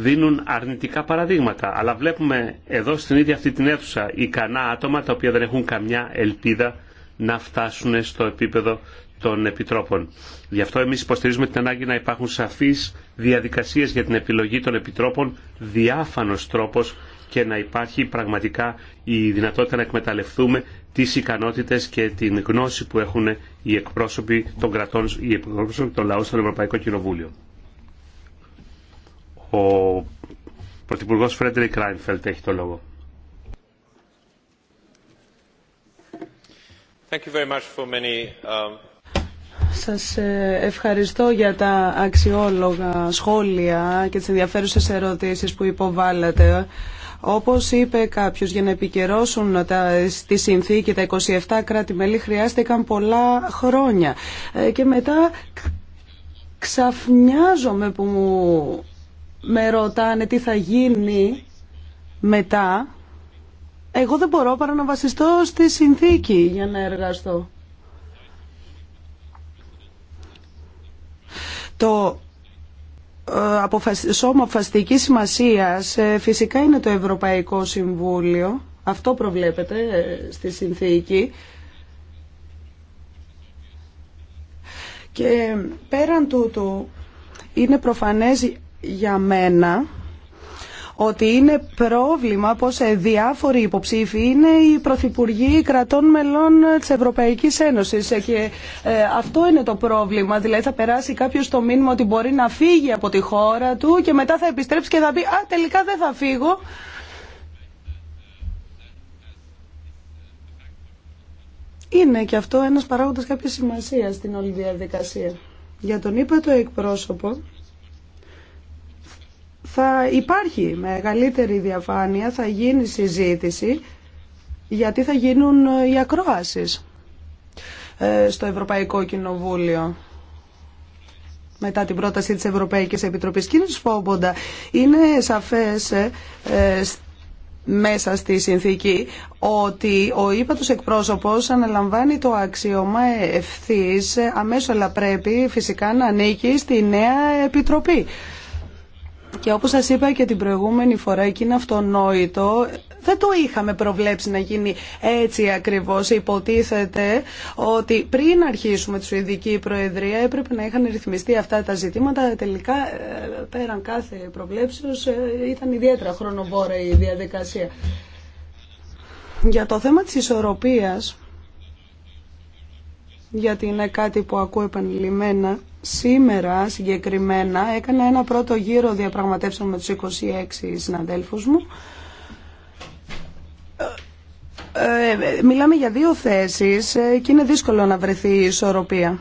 δίνουν αρνητικά παραδείγματα. Αλλά βλέπουμε εδώ στην ίδια αυτή την αίθουσα ικανά άτομα τα οποία δεν έχουν καμιά ελπίδα να φτάσουν στο επίπεδο των επιτρόπων. Γι' αυτό εμείς υποστηρίζουμε την ανάγκη να υπάρχουν σαφείς διαδικασίες για την επιλογή των επιτρόπων, διάφανος τρόπος και να υπάρχει πραγματικά η δυνατότητα να εκμεταλλευτούμε τις ικανότητες και την γνώση που έχουν οι εκπρόσωποι των κρατών, οι εκπρόσωποι των λαών στον Ευρωπαϊκό Κοινοβούλιο. Ο Πρωθυπουργό Φρέντερικ Ράινφελτ έχει το λόγο. Thank you very much for many, um, Σας ε, ευχαριστώ για τα αξιόλογα σχόλια και τις ενδιαφέρουσες ερωτήσεις που υποβάλλατε. Όπως είπε κάποιος, για να επικαιρώσουν τα, τη συνθήκη τα 27 κράτη-μέλη χρειάστηκαν πολλά χρόνια. Ε, και μετά ξαφνιάζομαι που μου με ρωτάνε τι θα γίνει μετά, εγώ δεν μπορώ παρά να βασιστώ στη συνθήκη για να εργαστώ. Το ε, σώμα φαστική σημασίας ε, φυσικά είναι το Ευρωπαϊκό Συμβούλιο. Αυτό προβλέπεται ε, στη συνθήκη. Και πέραν τούτου είναι προφανές για μένα ότι είναι πρόβλημα πως διάφοροι υποψήφοι είναι οι πρωθυπουργοί κρατών μελών της Ευρωπαϊκής Ένωσης ε, και ε, αυτό είναι το πρόβλημα, δηλαδή θα περάσει κάποιος το μήνυμα ότι μπορεί να φύγει από τη χώρα του και μετά θα επιστρέψει και θα πει «Α, τελικά δεν θα φύγω». Είναι και αυτό ένας παράγοντας κάποια σημασία στην όλη διαδικασία. Για τον είπα το εκπρόσωπο, θα υπάρχει μεγαλύτερη διαφάνεια, θα γίνει συζήτηση γιατί θα γίνουν ε, οι ακρόασεις ε, στο Ευρωπαϊκό Κοινοβούλιο μετά την πρόταση της Ευρωπαϊκής Επιτροπής. Κύριε Σφόμποντα, είναι σαφές ε, μέσα στη συνθήκη ότι ο ύπατος εκπρόσωπος αναλαμβάνει το αξίωμα ευθύς αμέσως αλλά πρέπει φυσικά να ανήκει στη νέα επιτροπή. Και όπως σας είπα και την προηγούμενη φορά εκεί είναι αυτονόητο, δεν το είχαμε προβλέψει να γίνει έτσι ακριβώς. Υποτίθεται ότι πριν αρχίσουμε τη Σουηδική Προεδρία έπρεπε να είχαν ρυθμιστεί αυτά τα ζητήματα. Τελικά, ε, πέραν κάθε προβλέψεως, ε, ήταν ιδιαίτερα χρονοβόρα η διαδικασία. Για το θέμα της ισορροπίας, γιατί είναι κάτι που ακούω επανειλημμένα, Σήμερα συγκεκριμένα έκανα ένα πρώτο γύρο διαπραγματεύσεων με τους 26 συναδέλφους μου. Ε, ε, μιλάμε για δύο θέσεις ε, και είναι δύσκολο να βρεθεί ισορροπία.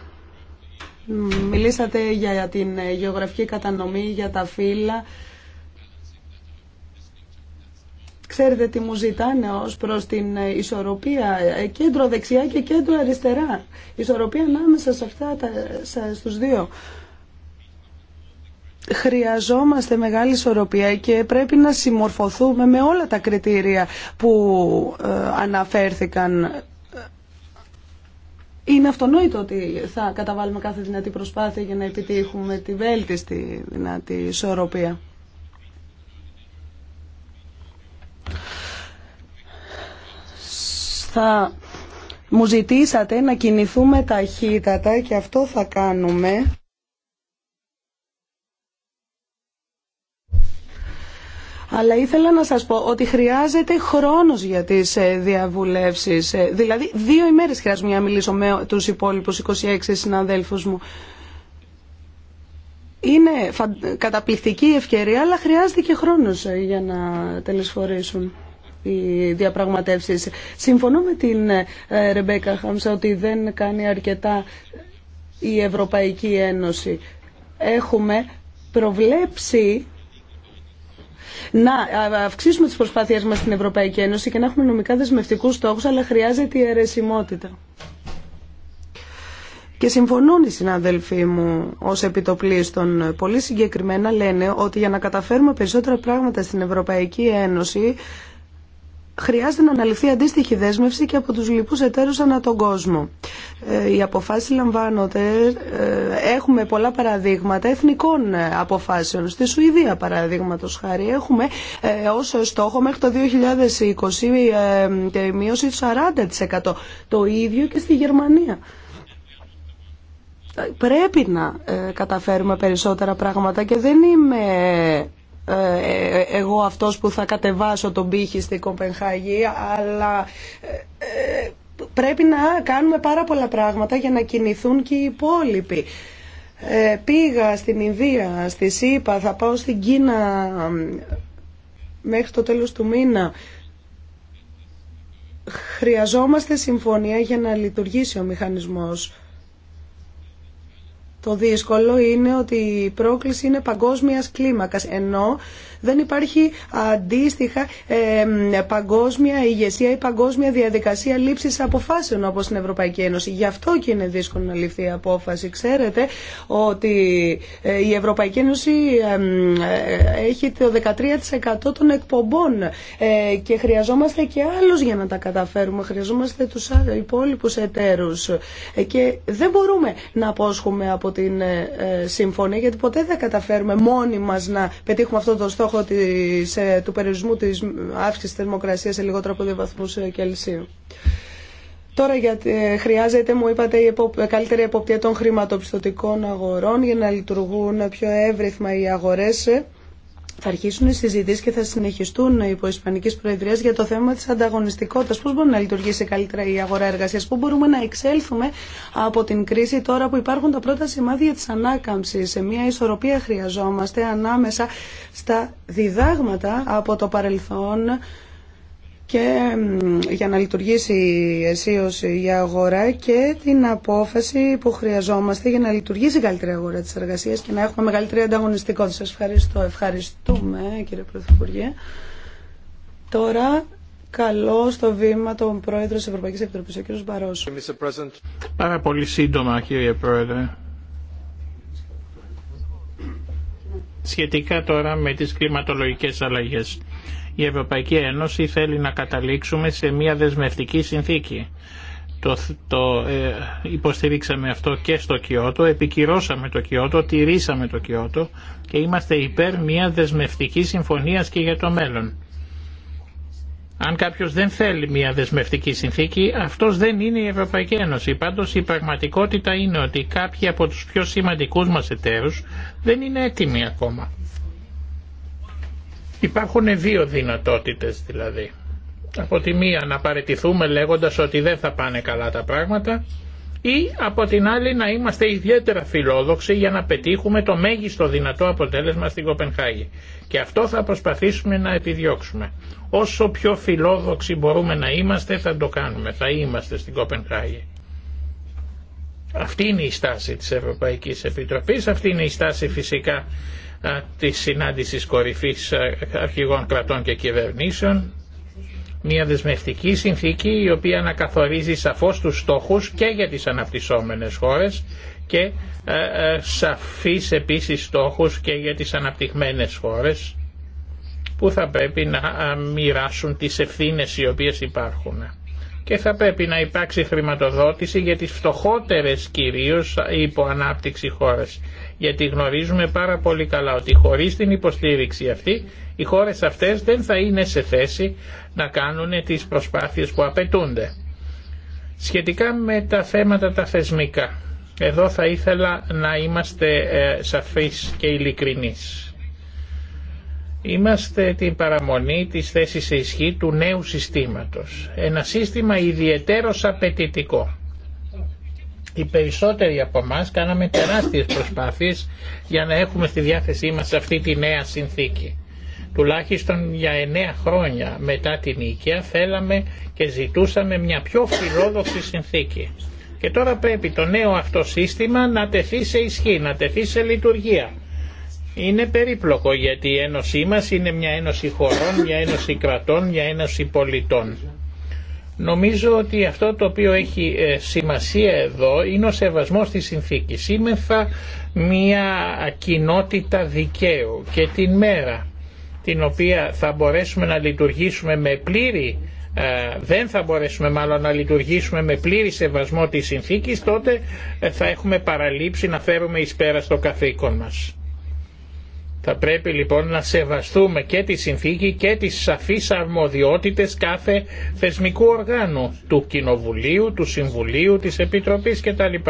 Μιλήσατε για την γεωγραφική κατανομή, για τα φύλλα. Ξέρετε τι μου ζητάνε ως προς την ισορροπία ε, κέντρο-δεξιά και κέντρο-αριστερά. Ισορροπία ανάμεσα σε αυτά τα, στους δύο. Χρειαζόμαστε μεγάλη ισορροπία και πρέπει να συμμορφωθούμε με όλα τα κριτήρια που ε, αναφέρθηκαν είναι αυτονόητο ότι θα καταβάλουμε κάθε δυνατή προσπάθεια για να επιτύχουμε τη βέλτιστη δυνατή ισορροπία. θα μου ζητήσατε να κινηθούμε ταχύτατα και αυτό θα κάνουμε. αλλά ήθελα να σας πω ότι χρειάζεται χρόνος για τις ε, διαβουλεύσεις. Ε, δηλαδή, δύο ημέρες χρειάζομαι για να μιλήσω με τους υπόλοιπους 26 συναδέλφους μου. Είναι καταπληκτική ευκαιρία, αλλά χρειάζεται και χρόνος ε, για να τελεσφορήσουν οι διαπραγματεύσεις. Συμφωνώ με την ε, Ρεμπέκα Χάμσα ότι δεν κάνει αρκετά η Ευρωπαϊκή Ένωση. Έχουμε προβλέψει να ε, αυξήσουμε τις προσπάθειές μας στην Ευρωπαϊκή Ένωση και να έχουμε νομικά δεσμευτικούς στόχους, αλλά χρειάζεται η αιρεσιμότητα. Και συμφωνούν οι συναδελφοί μου ως επιτοπλίστων. Ε, πολύ συγκεκριμένα λένε ότι για να καταφέρουμε περισσότερα πράγματα στην Ευρωπαϊκή Ένωση χρειάζεται να αναλυθεί αντίστοιχη δέσμευση και από τους λοιπούς εταίρους ανά τον κόσμο. Ε, οι αποφάσεις λαμβάνονται, ε, έχουμε πολλά παραδείγματα εθνικών ε, αποφάσεων. Στη Σουηδία παραδείγματος χάρη έχουμε ε, ως στόχο μέχρι το 2020 ε, μείωση 40%. Το ίδιο και στη Γερμανία πρέπει να καταφέρουμε περισσότερα πράγματα και δεν είμαι ε, εγώ αυτός που θα κατεβάσω τον πύχη στην Κοπενχάγη, αλλά ε, ε, πρέπει να κάνουμε πάρα πολλά πράγματα για να κινηθούν και οι υπόλοιποι. Ε, πήγα στην Ινδία, στη ΣΥΠΑ, θα πάω στην Κίνα μέχρι το τέλος του μήνα. Χρειαζόμαστε συμφωνία για να λειτουργήσει ο μηχανισμός. Το δύσκολο είναι ότι η πρόκληση είναι παγκόσμιας κλίμακας, ενώ δεν υπάρχει αντίστοιχα παγκόσμια ηγεσία ή παγκόσμια διαδικασία λήψης αποφάσεων όπως στην Ευρωπαϊκή Ένωση. Γι' αυτό και είναι δύσκολο να ληφθεί η απόφαση. Ξέρετε ότι ε, η Ευρωπαϊκή Ένωση έχει το 13% των εκπομπών ε, και χρειαζόμαστε και άλλους για να τα καταφέρουμε. Χρειαζόμαστε τους υπόλοιπους εταίρους ε, και δεν μπορούμε να απόσχουμε από την ε, ε, συμφωνία, γιατί ποτέ δεν καταφέρουμε μόνοι μας να πετύχουμε αυτό το στόχο της, ε, του περιορισμού της αύξησης θερμοκρασίας σε λιγότερο από 2 βαθμούς Κελσίου. Τώρα γιατί χρειάζεται, μου είπατε, η καλύτερη εποπτεία των χρηματοπιστωτικών αγορών για να λειτουργούν πιο εύρυθμα οι αγορές θα αρχίσουν οι συζητήσει και θα συνεχιστούν υπό Ισπανική Προεδρία για το θέμα τη ανταγωνιστικότητα. Πώ μπορεί να λειτουργήσει καλύτερα η αγορά εργασία, πού μπορούμε να εξέλθουμε από την κρίση τώρα που υπάρχουν τα πρώτα σημάδια τη ανάκαμψη. Σε μια ισορροπία χρειαζόμαστε ανάμεσα στα διδάγματα από το παρελθόν και για να λειτουργήσει η αισίωση για αγορά και την απόφαση που χρειαζόμαστε για να λειτουργήσει η καλύτερη αγορά της εργασίας και να έχουμε μεγαλύτερη ανταγωνιστικότητα. Σας ευχαριστώ. Ευχαριστούμε κύριε Πρωθυπουργέ. Τώρα καλώ στο βήμα τον Πρόεδρο της Ευρωπαϊκής Επιτροπής, ο κύριος Μπαρός. Πάρα πολύ σύντομα κύριε Πρόεδρε. Σχετικά τώρα με τις κλιματολογικές αλλαγές η Ευρωπαϊκή Ένωση θέλει να καταλήξουμε σε μια δεσμευτική συνθήκη. Το, το ε, υποστηρίξαμε αυτό και στο Κιώτο, επικυρώσαμε το Κιώτο, τηρήσαμε το Κιώτο και είμαστε υπέρ μια δεσμευτική συμφωνία και για το μέλλον. Αν κάποιος δεν θέλει μια δεσμευτική συνθήκη, αυτός δεν είναι η Ευρωπαϊκή Ένωση. Πάντως η πραγματικότητα είναι ότι κάποιοι από τους πιο σημαντικούς μας εταίρους δεν είναι έτοιμοι ακόμα. Υπάρχουν δύο δυνατότητες δηλαδή. Από τη μία να παρετηθούμε λέγοντας ότι δεν θα πάνε καλά τα πράγματα ή από την άλλη να είμαστε ιδιαίτερα φιλόδοξοι για να πετύχουμε το μέγιστο δυνατό αποτέλεσμα στην Κοπενχάγη. Και αυτό θα προσπαθήσουμε να επιδιώξουμε. Όσο πιο φιλόδοξοι μπορούμε να είμαστε θα το κάνουμε, θα είμαστε στην Κοπενχάγη. Αυτή είναι η στάση της Ευρωπαϊκής Επιτροπής, αυτή είναι η στάση φυσικά της συνάντησης κορυφής αρχηγών κρατών και κυβερνήσεων μια δεσμευτική συνθήκη η οποία να καθορίζει σαφώς τους στόχους και για τις αναπτυσσόμενες χώρες και σαφείς επίσης στόχους και για τις αναπτυγμένες χώρες που θα πρέπει να μοιράσουν τις ευθύνες οι οποίες υπάρχουν. Και θα πρέπει να υπάρξει χρηματοδότηση για τις φτωχότερες κυρίως υποανάπτυξη χώρες γιατί γνωρίζουμε πάρα πολύ καλά ότι χωρίς την υποστήριξη αυτή οι χώρες αυτές δεν θα είναι σε θέση να κάνουν τις προσπάθειες που απαιτούνται. Σχετικά με τα θέματα τα θεσμικά, εδώ θα ήθελα να είμαστε ε, σαφείς και ειλικρινείς. Είμαστε την παραμονή της θέσης σε ισχύ του νέου συστήματος. Ένα σύστημα ιδιαιτέρως απαιτητικό οι περισσότεροι από εμά κάναμε τεράστιες προσπάθειες για να έχουμε στη διάθεσή μας αυτή τη νέα συνθήκη. Τουλάχιστον για εννέα χρόνια μετά την οικία θέλαμε και ζητούσαμε μια πιο φιλόδοξη συνθήκη. Και τώρα πρέπει το νέο αυτό σύστημα να τεθεί σε ισχύ, να τεθεί σε λειτουργία. Είναι περίπλοκο γιατί η ένωσή μας είναι μια ένωση χωρών, μια ένωση κρατών, μια ένωση πολιτών Νομίζω ότι αυτό το οποίο έχει ε, σημασία εδώ είναι ο σεβασμός της συνθήκης. σήμερα μια κοινότητα δικαίου και την μέρα την οποία θα μπορέσουμε να λειτουργήσουμε με πλήρη ε, δεν θα μπορέσουμε μάλλον να λειτουργήσουμε με πλήρη σεβασμό της συνθήκης τότε θα έχουμε παραλείψει να φέρουμε εις πέρα στο καθήκον μας. Θα πρέπει λοιπόν να σεβαστούμε και τη συνθήκη και τις σαφείς αρμοδιότητες κάθε θεσμικού οργάνου, του Κοινοβουλίου, του Συμβουλίου, της Επιτροπής κτλ.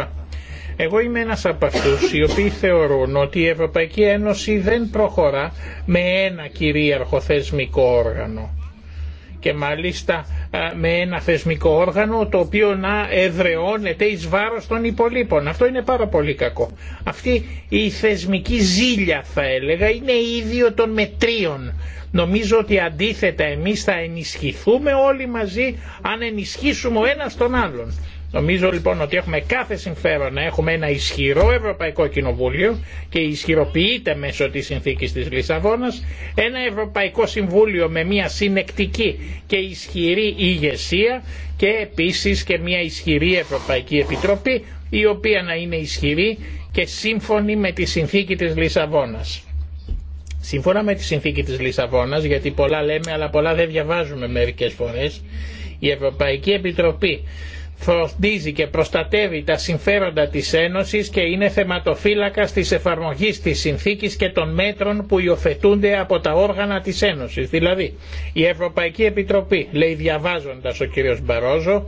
Εγώ είμαι ένας από αυτούς οι οποίοι θεωρούν ότι η Ευρωπαϊκή Ένωση δεν προχωρά με ένα κυρίαρχο θεσμικό όργανο και μάλιστα με ένα θεσμικό όργανο το οποίο να εδρεώνεται εις βάρος των υπολείπων. Αυτό είναι πάρα πολύ κακό. Αυτή η θεσμική ζήλια θα έλεγα είναι ίδιο των μετρίων. Νομίζω ότι αντίθετα εμείς θα ενισχυθούμε όλοι μαζί αν ενισχύσουμε ο ένας τον άλλον. Νομίζω λοιπόν ότι έχουμε κάθε συμφέρον να έχουμε ένα ισχυρό Ευρωπαϊκό Κοινοβούλιο και ισχυροποιείται μέσω της συνθήκης της Λισαβόνας ένα Ευρωπαϊκό Συμβούλιο με μια συνεκτική και ισχυρή ηγεσία και επίσης και μια ισχυρή Ευρωπαϊκή Επιτροπή η οποία να είναι ισχυρή και σύμφωνη με τη συνθήκη της Λισαβόνας. Σύμφωνα με τη συνθήκη της Λισαβόνας, γιατί πολλά λέμε αλλά πολλά δεν διαβάζουμε μερικές φορές, η Ευρωπαϊκή Επιτροπή φροντίζει και προστατεύει τα συμφέροντα της Ένωσης και είναι θεματοφύλακα της εφαρμογής της συνθήκης και των μέτρων που υιοθετούνται από τα όργανα της Ένωσης. Δηλαδή, η Ευρωπαϊκή Επιτροπή, λέει διαβάζοντας ο κύριος Μπαρόζο,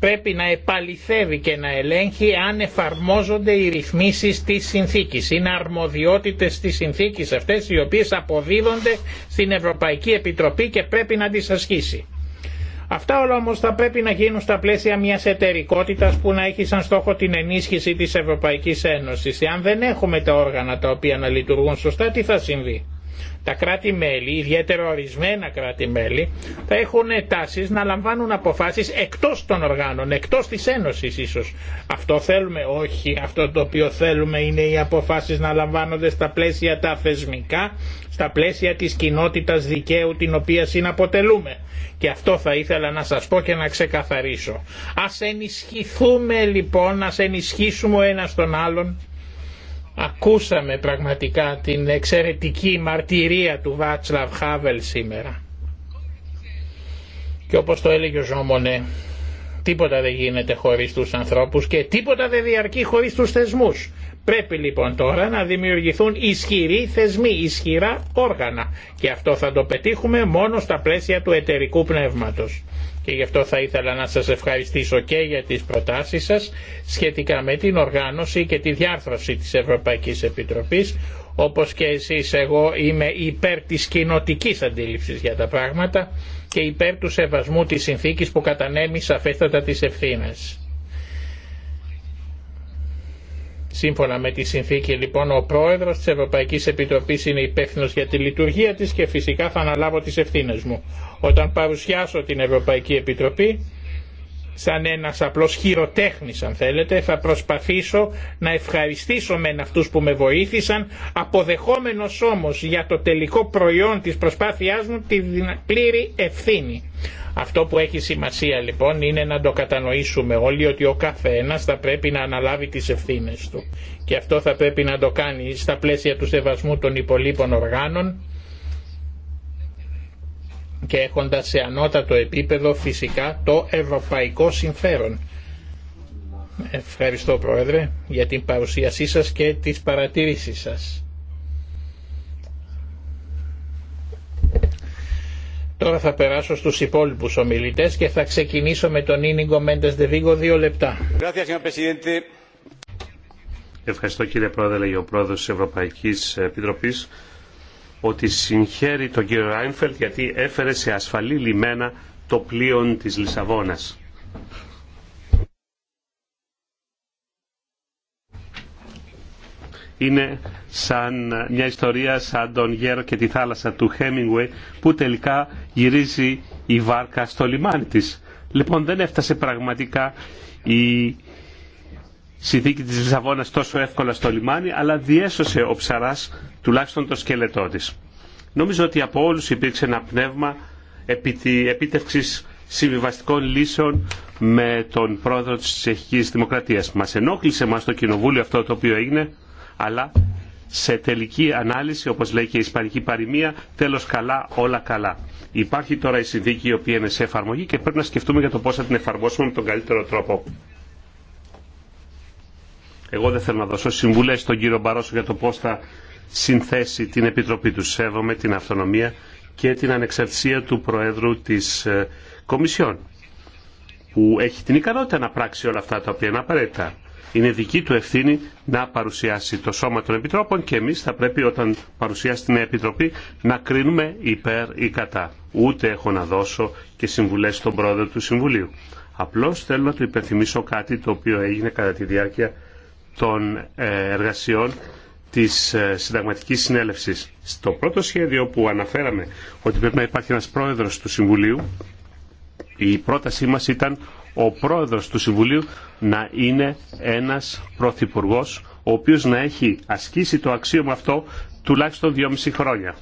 πρέπει να επαληθεύει και να ελέγχει αν εφαρμόζονται οι ρυθμίσεις της συνθήκης. Είναι αρμοδιότητες της συνθήκης αυτές οι οποίες αποδίδονται στην Ευρωπαϊκή Επιτροπή και πρέπει να τις ασκήσει. Αυτά όλα όμω θα πρέπει να γίνουν στα πλαίσια μια εταιρικότητα που να έχει σαν στόχο την ενίσχυση της Ευρωπαϊκή Ένωση, Εάν δεν έχουμε τα όργανα τα οποία να λειτουργούν σωστά, τι θα συμβεί. Τα κράτη-μέλη, ιδιαίτερα ορισμένα κράτη-μέλη, θα έχουν τάσει να λαμβάνουν αποφάσεις εκτός των οργάνων, εκτός της Ένωσης ίσως. Αυτό θέλουμε, όχι. Αυτό το οποίο θέλουμε είναι οι αποφάσεις να λαμβάνονται στα πλαίσια τα θεσμικά, στα πλαίσια της κοινότητας δικαίου την οποία συναποτελούμε. Και αυτό θα ήθελα να σα πω και να ξεκαθαρίσω. Α ενισχυθούμε λοιπόν, α ενισχύσουμε ο ένας τον άλλον Ακούσαμε πραγματικά την εξαιρετική μαρτυρία του Βάτσλαβ Χάβελ σήμερα. Και όπως το έλεγε ο Ζωμονέ, τίποτα δεν γίνεται χωρίς τους ανθρώπους και τίποτα δεν διαρκεί χωρίς τους θεσμούς. Πρέπει λοιπόν τώρα να δημιουργηθούν ισχυροί θεσμοί, ισχυρά όργανα και αυτό θα το πετύχουμε μόνο στα πλαίσια του εταιρικού πνεύματος και γι' αυτό θα ήθελα να σας ευχαριστήσω και για τις προτάσεις σας σχετικά με την οργάνωση και τη διάρθρωση της Ευρωπαϊκής Επιτροπής όπως και εσείς εγώ είμαι υπέρ της κοινοτική αντίληψης για τα πράγματα και υπέρ του σεβασμού της συνθήκης που κατανέμει σαφέστατα τις ευθύνε. Σύμφωνα με τη συνθήκη λοιπόν ο πρόεδρος της Ευρωπαϊκής Επιτροπής είναι υπεύθυνο για τη λειτουργία της και φυσικά θα αναλάβω τις ευθύνε μου. Όταν παρουσιάσω την Ευρωπαϊκή Επιτροπή, σαν ένας απλός χειροτέχνης αν θέλετε, θα προσπαθήσω να ευχαριστήσω μεν αυτούς που με βοήθησαν, αποδεχόμενος όμως για το τελικό προϊόν της προσπάθειάς μου τη πλήρη ευθύνη. Αυτό που έχει σημασία λοιπόν είναι να το κατανοήσουμε όλοι ότι ο καθένας θα πρέπει να αναλάβει τις ευθύνες του και αυτό θα πρέπει να το κάνει στα πλαίσια του σεβασμού των υπολείπων οργάνων και έχοντας σε ανώτατο επίπεδο φυσικά το ευρωπαϊκό συμφέρον. Ευχαριστώ Πρόεδρε για την παρουσίασή σας και τις παρατήρησεις σας. Τώρα θα περάσω στους υπόλοιπους ομιλητές και θα ξεκινήσω με τον Ίνιγκο Μέντες Δεβίγκο δύο λεπτά. Ευχαριστώ κύριε Πρόεδρε, λέει ο Πρόεδρος της Ευρωπαϊκής Επιτροπής ότι συγχαίρει τον κύριο Ράινφελτ γιατί έφερε σε ασφαλή λιμένα το πλοίο της Λισαβόνας. είναι σαν μια ιστορία σαν τον γέρο και τη θάλασσα του Χέμιγουε που τελικά γυρίζει η βάρκα στο λιμάνι της. Λοιπόν δεν έφτασε πραγματικά η συνθήκη της Λισαβόνας τόσο εύκολα στο λιμάνι, αλλά διέσωσε ο ψαράς τουλάχιστον το σκελετό της. Νομίζω ότι από όλους υπήρξε ένα πνεύμα επίτευξη συμβιβαστικών λύσεων με τον πρόεδρο της Τσεχικής Δημοκρατίας. Μας ενόχλησε μας το κοινοβούλιο αυτό το οποίο έγινε, αλλά σε τελική ανάλυση, όπως λέει και η Ισπανική παροιμία, τέλος καλά, όλα καλά. Υπάρχει τώρα η συνθήκη η οποία είναι σε εφαρμογή και πρέπει να σκεφτούμε για το πώς θα την εφαρμόσουμε με τον καλύτερο τρόπο. Εγώ δεν θέλω να δώσω συμβουλέ στον κύριο Μπαρόσο για το πώ θα συνθέσει την Επιτροπή του. Σέβομαι την αυτονομία και την ανεξαρτησία του Προέδρου της ε, Κομισιόν που έχει την ικανότητα να πράξει όλα αυτά τα οποία είναι απαραίτητα. Είναι δική του ευθύνη να παρουσιάσει το σώμα των Επιτρόπων και εμεί θα πρέπει όταν παρουσιάσει την Επιτροπή να κρίνουμε υπέρ ή κατά. Ούτε έχω να δώσω και συμβουλέ στον Πρόεδρο του Συμβουλίου. Απλώ θέλω να του υπενθυμίσω κάτι το οποίο έγινε κατά τη διάρκεια των ε, εργασιών της ε, συνταγματικής συνέλευσης. Στο πρώτο σχέδιο που αναφέραμε ότι πρέπει να υπάρχει ένας πρόεδρος του Συμβουλίου, η πρότασή μας ήταν ο πρόεδρος του Συμβουλίου να είναι ένας πρωθυπουργό, ο οποίος να έχει ασκήσει το αξίωμα αυτό τουλάχιστον 2,5 χρόνια.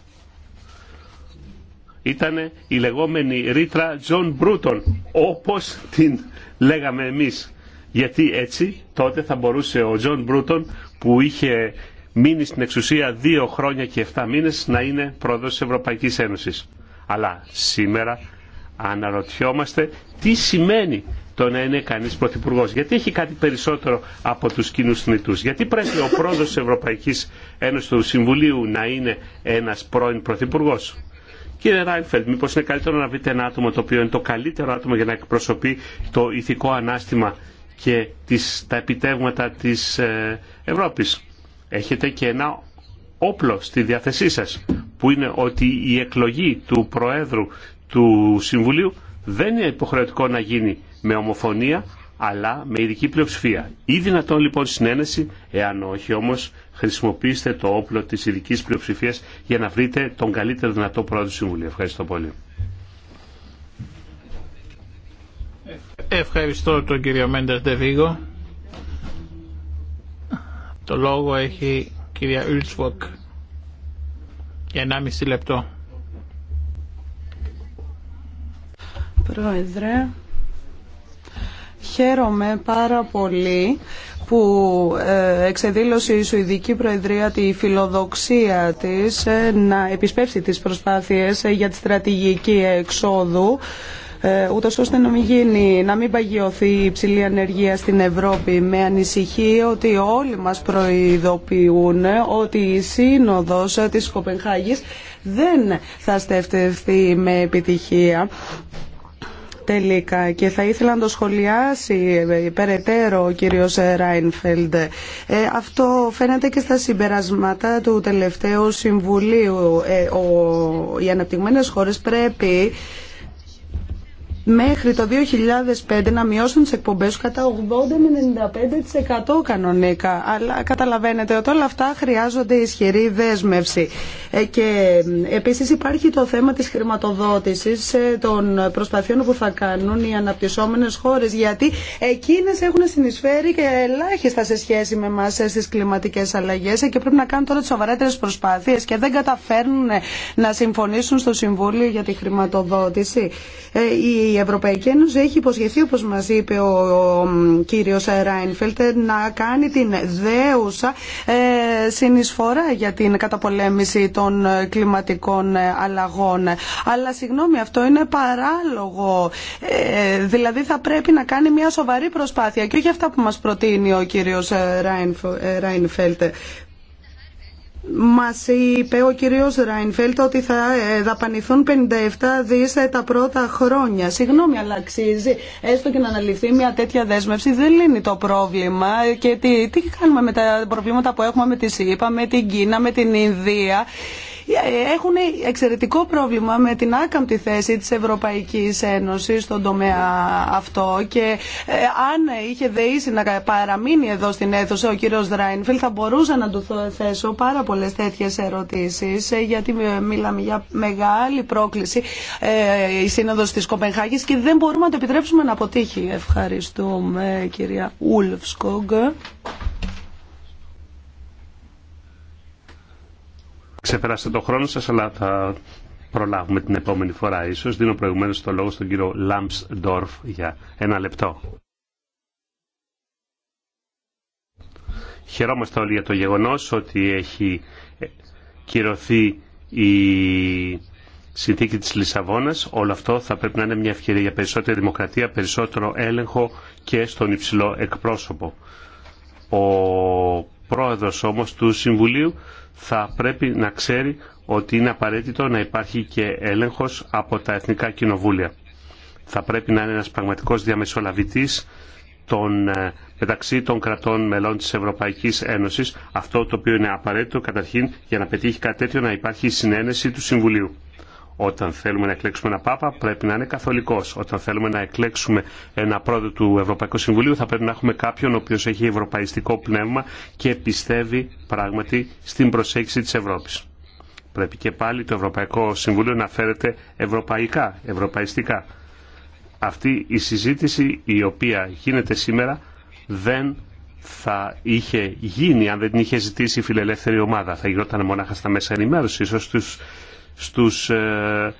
Ήταν η λεγόμενη ρήτρα Τζον Μπρούτον, όπως την λέγαμε εμείς γιατί έτσι τότε θα μπορούσε ο Τζον Μπρούτον που είχε μείνει στην εξουσία δύο χρόνια και εφτά μήνες να είναι πρόεδρος της Ευρωπαϊκής Ένωσης. Αλλά σήμερα αναρωτιόμαστε τι σημαίνει το να είναι κανείς πρωθυπουργό. Γιατί έχει κάτι περισσότερο από τους κοινού θνητούς. Γιατί πρέπει ο πρόεδρος της Ευρωπαϊκής Ένωσης του Συμβουλίου να είναι ένας πρώην πρωθυπουργό. Κύριε Ράινφελτ, μήπως είναι καλύτερο να βρείτε ένα άτομο το οποίο είναι το καλύτερο άτομο για να εκπροσωπεί το ηθικό ανάστημα και τις, τα επιτεύγματα της ε, Ευρώπης. Έχετε και ένα όπλο στη διάθεσή σας που είναι ότι η εκλογή του Προέδρου του Συμβουλίου δεν είναι υποχρεωτικό να γίνει με ομοφωνία αλλά με ειδική πλειοψηφία. Ή δυνατόν λοιπόν συνένεση, εάν όχι όμως χρησιμοποιήστε το όπλο της ειδική πλειοψηφίας για να βρείτε τον καλύτερο δυνατό Πρόεδρο του Συμβουλίου. Ευχαριστώ πολύ. Ευχαριστώ τον κύριο Μέντας Ντεβίγο. Το λόγο έχει η κυρία Ουλτσβοκ για 1,5 λεπτό. Πρόεδρε, χαίρομαι πάρα πολύ που ε, εξεδήλωσε η Σουηδική Προεδρία τη φιλοδοξία της ε, να επισπεύσει τις προσπάθειες ε, για τη στρατηγική εξόδου ε, ούτως ώστε να μην να μην παγιωθεί η υψηλή ανεργία στην Ευρώπη. Με ανησυχία ότι όλοι μας προειδοποιούν ότι η σύνοδος της Κοπενχάγης δεν θα στεφτευτεί με επιτυχία τελικά και θα ήθελα να το σχολιάσει περαιτέρω ο κύριος Ράινφελντ. Ε, αυτό φαίνεται και στα συμπερασμάτα του τελευταίου Συμβουλίου. Ε, ο, οι αναπτυγμένες χώρες πρέπει μέχρι το 2005 να μειώσουν τις εκπομπές κατά 80 με 95% κανονικά. Αλλά καταλαβαίνετε ότι όλα αυτά χρειάζονται ισχυρή δέσμευση. Ε, και επίσης υπάρχει το θέμα της χρηματοδότησης ε, των προσπαθειών που θα κάνουν οι αναπτυσσόμενες χώρες γιατί εκείνες έχουν συνεισφέρει και ελάχιστα σε σχέση με εμάς ε, στις κλιματικές αλλαγές και πρέπει να κάνουν τώρα τις σοβαρέτερες προσπάθειες και δεν καταφέρνουν να συμφωνήσουν στο Συμβούλιο για τη χρηματοδότηση. Η η Ευρωπαϊκή Ένωση έχει υποσχεθεί, όπως μας είπε ο, ο κύριος Ράινφελτ, να κάνει την δέουσα ε, συνεισφορά για την καταπολέμηση των ε, κλιματικών ε, αλλαγών. Αλλά συγγνώμη, αυτό είναι παράλογο. Ε, δηλαδή θα πρέπει να κάνει μια σοβαρή προσπάθεια και όχι αυτά που μας προτείνει ο κύριος Ράινφελτ. Μας είπε ο κύριος Ράινφελτ ότι θα ε, δαπανηθούν 57 δις ε, τα πρώτα χρόνια. Συγγνώμη, αλλά αξίζει έστω και να αναλυθεί μια τέτοια δέσμευση. Δεν λύνει το πρόβλημα. Και τι, τι κάνουμε με τα προβλήματα που έχουμε με τη ΣΥΠΑ, με την Κίνα, με την Ινδία έχουν εξαιρετικό πρόβλημα με την άκαμπτη θέση της Ευρωπαϊκής Ένωσης στον τομέα αυτό και ε, αν είχε δεήσει να παραμείνει εδώ στην αίθουσα ο κύριος Δράινφιλ θα μπορούσα να του θέσω πάρα πολλές τέτοιες ερωτήσεις ε, γιατί μιλάμε για μεγάλη πρόκληση ε, η Σύνοδος της Κοπενχάγης και δεν μπορούμε να το επιτρέψουμε να αποτύχει. Ευχαριστούμε κυρία Ούλφσκογκ. Ξεπεράστε το χρόνο σας, αλλά θα προλάβουμε την επόμενη φορά ίσως. Δίνω προηγουμένως το λόγο στον κύριο Λάμπς για ένα λεπτό. Χαιρόμαστε όλοι για το γεγονός ότι έχει κυρωθεί η συνθήκη της Λισαβόνας. Όλο αυτό θα πρέπει να είναι μια ευκαιρία για περισσότερη δημοκρατία, περισσότερο έλεγχο και στον υψηλό εκπρόσωπο. Ο πρόεδρος όμως του Συμβουλίου θα πρέπει να ξέρει ότι είναι απαραίτητο να υπάρχει και έλεγχος από τα Εθνικά Κοινοβούλια. Θα πρέπει να είναι ένας πραγματικός διαμεσολαβητής των, ε, μεταξύ των κρατών μελών της Ευρωπαϊκής Ένωσης, αυτό το οποίο είναι απαραίτητο καταρχήν για να πετύχει κάτι τέτοιο να υπάρχει συνένεση του Συμβουλίου. Όταν θέλουμε να εκλέξουμε ένα Πάπα πρέπει να είναι καθολικό. Όταν θέλουμε να εκλέξουμε ένα πρόεδρο του Ευρωπαϊκού Συμβουλίου θα πρέπει να έχουμε κάποιον ο οποίο έχει ευρωπαϊστικό πνεύμα και πιστεύει πράγματι στην προσέγγιση τη Ευρώπη. Πρέπει και πάλι το Ευρωπαϊκό Συμβούλιο να φέρεται ευρωπαϊκά, ευρωπαϊστικά. Αυτή η συζήτηση η οποία γίνεται σήμερα δεν θα είχε γίνει αν δεν την είχε ζητήσει η φιλελεύθερη ομάδα. Θα γινόταν μόναχα στα μέσα ενημέρωση, ίσω στους ε,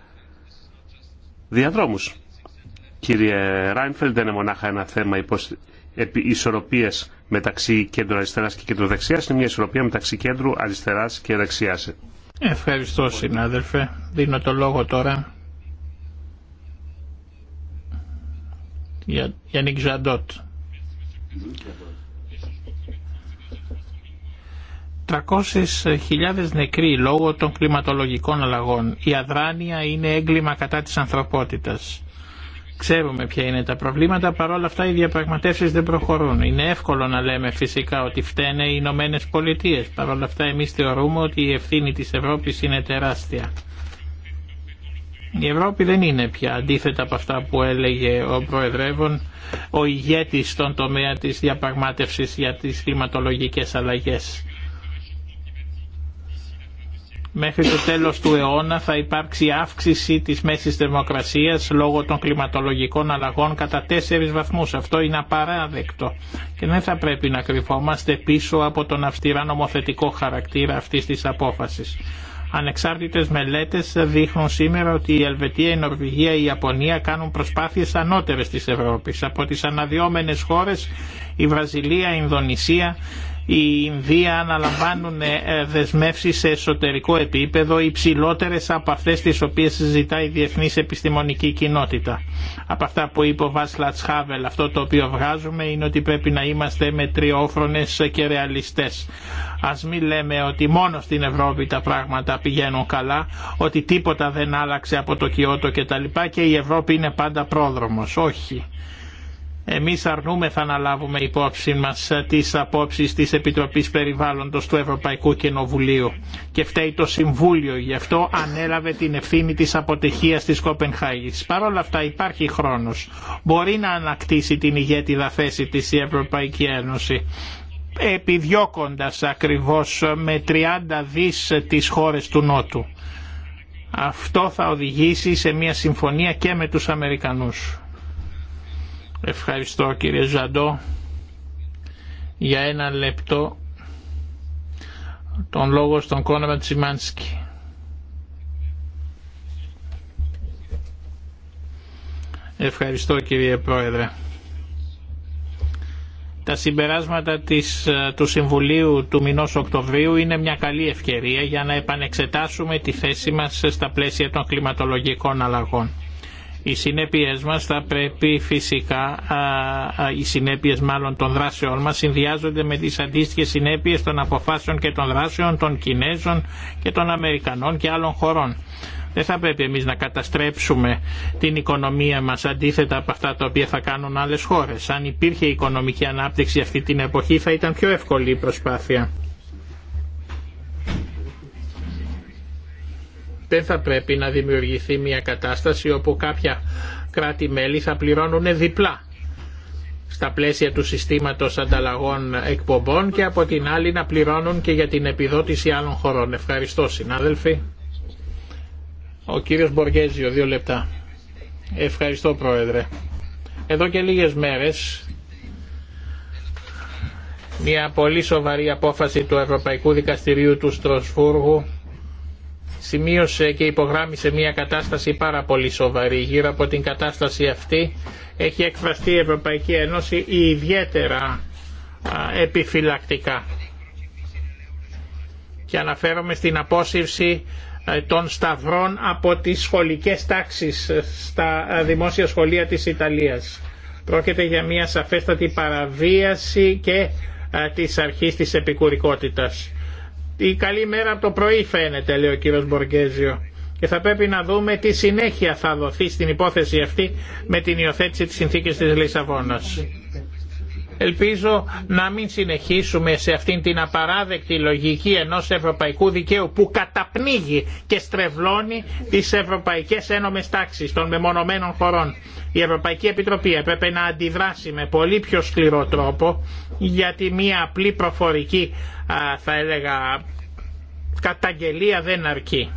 διαδρόμους. Κύριε Ράινφελ, δεν είναι μονάχα ένα θέμα ισορροπίας μεταξύ κέντρου αριστεράς και κέντρου δεξιάς, είναι μια ισορροπία μεταξύ κέντρου αριστεράς και δεξιάς. Ευχαριστώ συνάδελφε. Δίνω το λόγο τώρα για Νίκ Ζαντότ. 300.000 νεκροί λόγω των κλιματολογικών αλλαγών. Η αδράνεια είναι έγκλημα κατά της ανθρωπότητας. Ξέρουμε ποια είναι τα προβλήματα, παρόλα αυτά οι διαπραγματεύσεις δεν προχωρούν. Είναι εύκολο να λέμε φυσικά ότι φταίνε οι Ηνωμένε Πολιτείε. Παρόλα αυτά εμείς θεωρούμε ότι η ευθύνη της Ευρώπης είναι τεράστια. Η Ευρώπη δεν είναι πια αντίθετα από αυτά που έλεγε ο Προεδρεύων, ο ηγέτης στον τομέα της διαπραγμάτευσης για τις κλιματολογικές αλλαγές μέχρι το τέλος του αιώνα θα υπάρξει αύξηση της μέσης θερμοκρασίας λόγω των κλιματολογικών αλλαγών κατά 4 βαθμούς. Αυτό είναι απαράδεκτο και δεν θα πρέπει να κρυφόμαστε πίσω από τον αυστηρά νομοθετικό χαρακτήρα αυτής της απόφασης. Ανεξάρτητες μελέτες δείχνουν σήμερα ότι η Ελβετία, η Νορβηγία, η Ιαπωνία κάνουν προσπάθειες ανώτερες της Ευρώπης. Από τις αναδυόμενες χώρες η Βραζιλία, η Ινδονησία η Ινδία αναλαμβάνουν ε, δεσμεύσει σε εσωτερικό επίπεδο υψηλότερε από αυτέ τι οποίε συζητά η διεθνή επιστημονική κοινότητα. Από αυτά που είπε ο Βάσλατ Χάβελ, αυτό το οποίο βγάζουμε είναι ότι πρέπει να είμαστε μετριόφρονες και ρεαλιστέ. Α μην λέμε ότι μόνο στην Ευρώπη τα πράγματα πηγαίνουν καλά, ότι τίποτα δεν άλλαξε από το Κιώτο κτλ. Και, και η Ευρώπη είναι πάντα πρόδρομο. Όχι. Εμείς αρνούμεθα να λάβουμε υπόψη μας τις απόψεις της Επιτροπής Περιβάλλοντος του Ευρωπαϊκού Κοινοβουλίου και φταίει το Συμβούλιο γι' αυτό ανέλαβε την ευθύνη της αποτυχίας της Κοπενχάγης. Παρ' όλα αυτά υπάρχει χρόνος. Μπορεί να ανακτήσει την ηγέτιδα θέση της η Ευρωπαϊκή Ένωση επιδιώκοντας ακριβώς με 30 δις τις χώρες του Νότου. Αυτό θα οδηγήσει σε μια συμφωνία και με τους Αμερικανούς. Ευχαριστώ κύριε Ζαντό. Για ένα λεπτό τον λόγο στον κόνομα Τσιμάνσκι. Ευχαριστώ κύριε Πρόεδρε. Τα συμπεράσματα της, ε, του Συμβουλίου του μηνός Οκτωβρίου είναι μια καλή ευκαιρία για να επανεξετάσουμε τη θέση μας στα πλαίσια των κλιματολογικών αλλαγών οι συνέπειες μας θα πρέπει φυσικά, οι συνέπειες μάλλον των δράσεών μας συνδυάζονται με τις αντίστοιχες συνέπειες των αποφάσεων και των δράσεων των Κινέζων και των Αμερικανών και άλλων χωρών. Δεν θα πρέπει εμείς να καταστρέψουμε την οικονομία μας αντίθετα από αυτά τα οποία θα κάνουν άλλες χώρες. Αν υπήρχε οικονομική ανάπτυξη αυτή την εποχή θα ήταν πιο εύκολη η προσπάθεια. δεν θα πρέπει να δημιουργηθεί μια κατάσταση όπου κάποια κράτη-μέλη θα πληρώνουν διπλά στα πλαίσια του συστήματος ανταλλαγών εκπομπών και από την άλλη να πληρώνουν και για την επιδότηση άλλων χωρών. Ευχαριστώ συνάδελφοι. Ο κύριος Μποργέζιο, δύο λεπτά. Ευχαριστώ Πρόεδρε. Εδώ και λίγες μέρες μια πολύ σοβαρή απόφαση του Ευρωπαϊκού Δικαστηρίου του Στροσφούργου σημείωσε και υπογράμμισε μια κατάσταση πάρα πολύ σοβαρή. Γύρω από την κατάσταση αυτή έχει εκφραστεί η Ευρωπαϊκή Ένωση ιδιαίτερα επιφυλακτικά. Και αναφέρομαι στην απόσυρση των σταυρών από τις σχολικές τάξεις στα δημόσια σχολεία της Ιταλίας. Πρόκειται για μια σαφέστατη παραβίαση και της αρχής της επικουρικότητας. Η καλή μέρα από το πρωί φαίνεται, λέει ο κύριος Μποργέζιο. Και θα πρέπει να δούμε τι συνέχεια θα δοθεί στην υπόθεση αυτή με την υιοθέτηση της συνθήκης της Λισαβόνας. Ελπίζω να μην συνεχίσουμε σε αυτήν την απαράδεκτη λογική ενός ευρωπαϊκού δικαίου που καταπνίγει και στρεβλώνει τις ευρωπαϊκές ένομες τάξεις των μεμονωμένων χωρών. Η Ευρωπαϊκή Επιτροπή έπρεπε να αντιδράσει με πολύ πιο σκληρό τρόπο γιατί μία απλή προφορική θα έλεγα καταγγελία δεν αρκεί.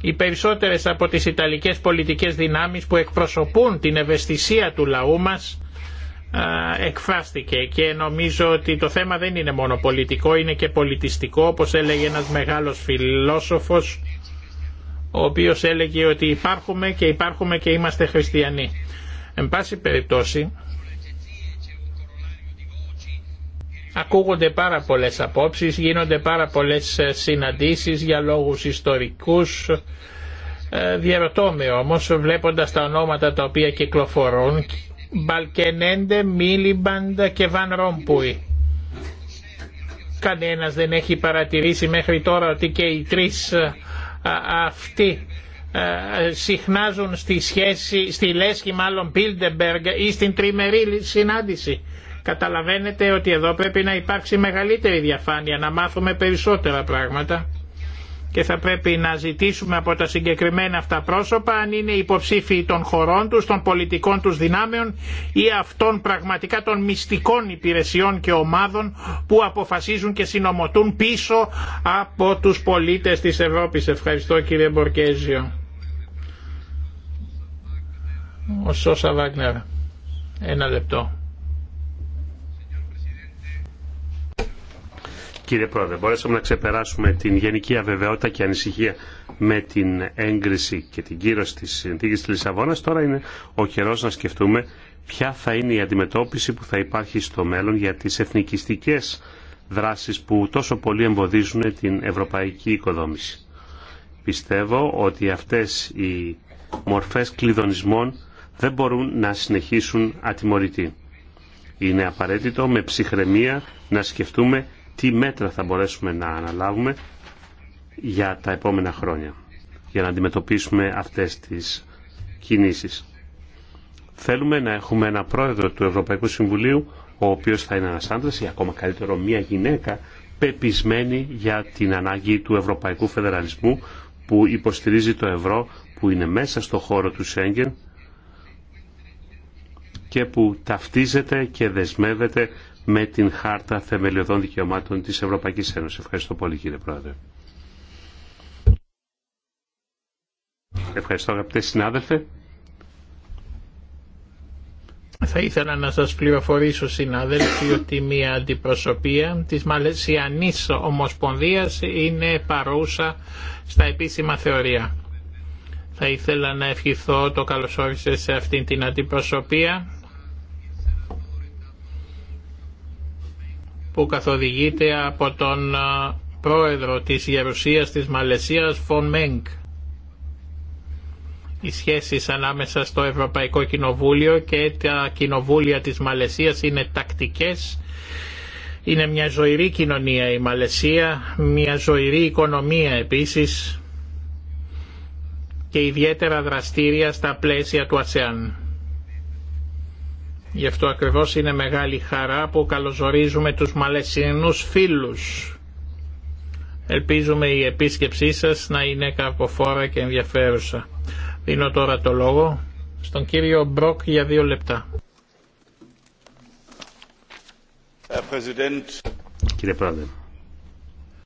Οι περισσότερες από τις Ιταλικές πολιτικές δυνάμεις που εκπροσωπούν την ευαισθησία του λαού μας εκφράστηκε και νομίζω ότι το θέμα δεν είναι μόνο πολιτικό, είναι και πολιτιστικό όπως έλεγε ένας μεγάλος φιλόσοφος ο οποίος έλεγε ότι υπάρχουμε και υπάρχουμε και είμαστε χριστιανοί. Εν πάση περιπτώσει Ακούγονται πάρα πολλές απόψεις, γίνονται πάρα πολλές ε, συναντήσεις για λόγους ιστορικούς. Ε, διαρωτώ όμως, βλέποντας τα ονόματα τα οποία κυκλοφορούν, Μπαλκενέντε, Μίλιμπαντ και Βαν Ρόμπουι. Κανένας δεν έχει παρατηρήσει μέχρι τώρα ότι και οι τρεις ε, αυτοί συχνάζουν στη σχέση, στη λέσχη μάλλον Πίλτεμπεργκ ή στην τριμερή συνάντηση. Καταλαβαίνετε ότι εδώ πρέπει να υπάρξει μεγαλύτερη διαφάνεια, να μάθουμε περισσότερα πράγματα και θα πρέπει να ζητήσουμε από τα συγκεκριμένα αυτά πρόσωπα αν είναι υποψήφοι των χωρών τους, των πολιτικών τους δυνάμεων ή αυτών πραγματικά των μυστικών υπηρεσιών και ομάδων που αποφασίζουν και συνομωτούν πίσω από τους πολίτες της Ευρώπης. Ευχαριστώ κύριε Μπορκέζιο. Ο Σώσα Βάγνερ. Ένα λεπτό. Κύριε Πρόεδρε, μπορέσαμε να ξεπεράσουμε την γενική αβεβαιότητα και ανησυχία με την έγκριση και την κύρωση της συνθήκης της Λισαβόνας. Τώρα είναι ο καιρός να σκεφτούμε ποια θα είναι η αντιμετώπιση που θα υπάρχει στο μέλλον για τις εθνικιστικές δράσεις που τόσο πολύ εμποδίζουν την ευρωπαϊκή οικοδόμηση. Πιστεύω ότι αυτές οι μορφές κλειδονισμών δεν μπορούν να συνεχίσουν ατιμωρητοί. Είναι απαραίτητο με ψυχραιμία να σκεφτούμε τι μέτρα θα μπορέσουμε να αναλάβουμε για τα επόμενα χρόνια για να αντιμετωπίσουμε αυτές τις κινήσεις. Θέλουμε να έχουμε ένα πρόεδρο του Ευρωπαϊκού Συμβουλίου ο οποίος θα είναι ένας άντρας ή ακόμα καλύτερο μια γυναίκα πεπισμένη για την ανάγκη του Ευρωπαϊκού Φεδεραλισμού που υποστηρίζει το ευρώ που είναι μέσα στο χώρο του Σέγγεν και που ταυτίζεται και δεσμεύεται με την Χάρτα Θεμελιωδών Δικαιωμάτων της Ευρωπαϊκής Ένωσης. Ευχαριστώ πολύ κύριε Πρόεδρε. Ευχαριστώ αγαπητέ συνάδελφε. Θα ήθελα να σας πληροφορήσω συναδέλφοι ότι μια αντιπροσωπεία της Μαλαισιανής Ομοσπονδίας είναι παρούσα στα επίσημα θεωρία. Θα ήθελα να ευχηθώ το καλωσόρισε σε αυτήν την αντιπροσωπεία που καθοδηγείται από τον πρόεδρο της Γερουσίας της Μαλαισίας Φον Μέγκ. Οι σχέσεις ανάμεσα στο Ευρωπαϊκό Κοινοβούλιο και τα κοινοβούλια της Μαλαισίας είναι τακτικές. Είναι μια ζωηρή κοινωνία η Μαλαισία, μια ζωηρή οικονομία επίσης και ιδιαίτερα δραστήρια στα πλαίσια του ΑΣΕΑΝ. Γι' αυτό ακριβώς είναι μεγάλη χαρά που καλωσορίζουμε τους μαλαισινούς φίλους. Ελπίζουμε η επίσκεψή σας να είναι καρποφόρα και ενδιαφέρουσα. Δίνω τώρα το λόγο στον κύριο Μπροκ για δύο λεπτά. Κύριε Πρόεδρε,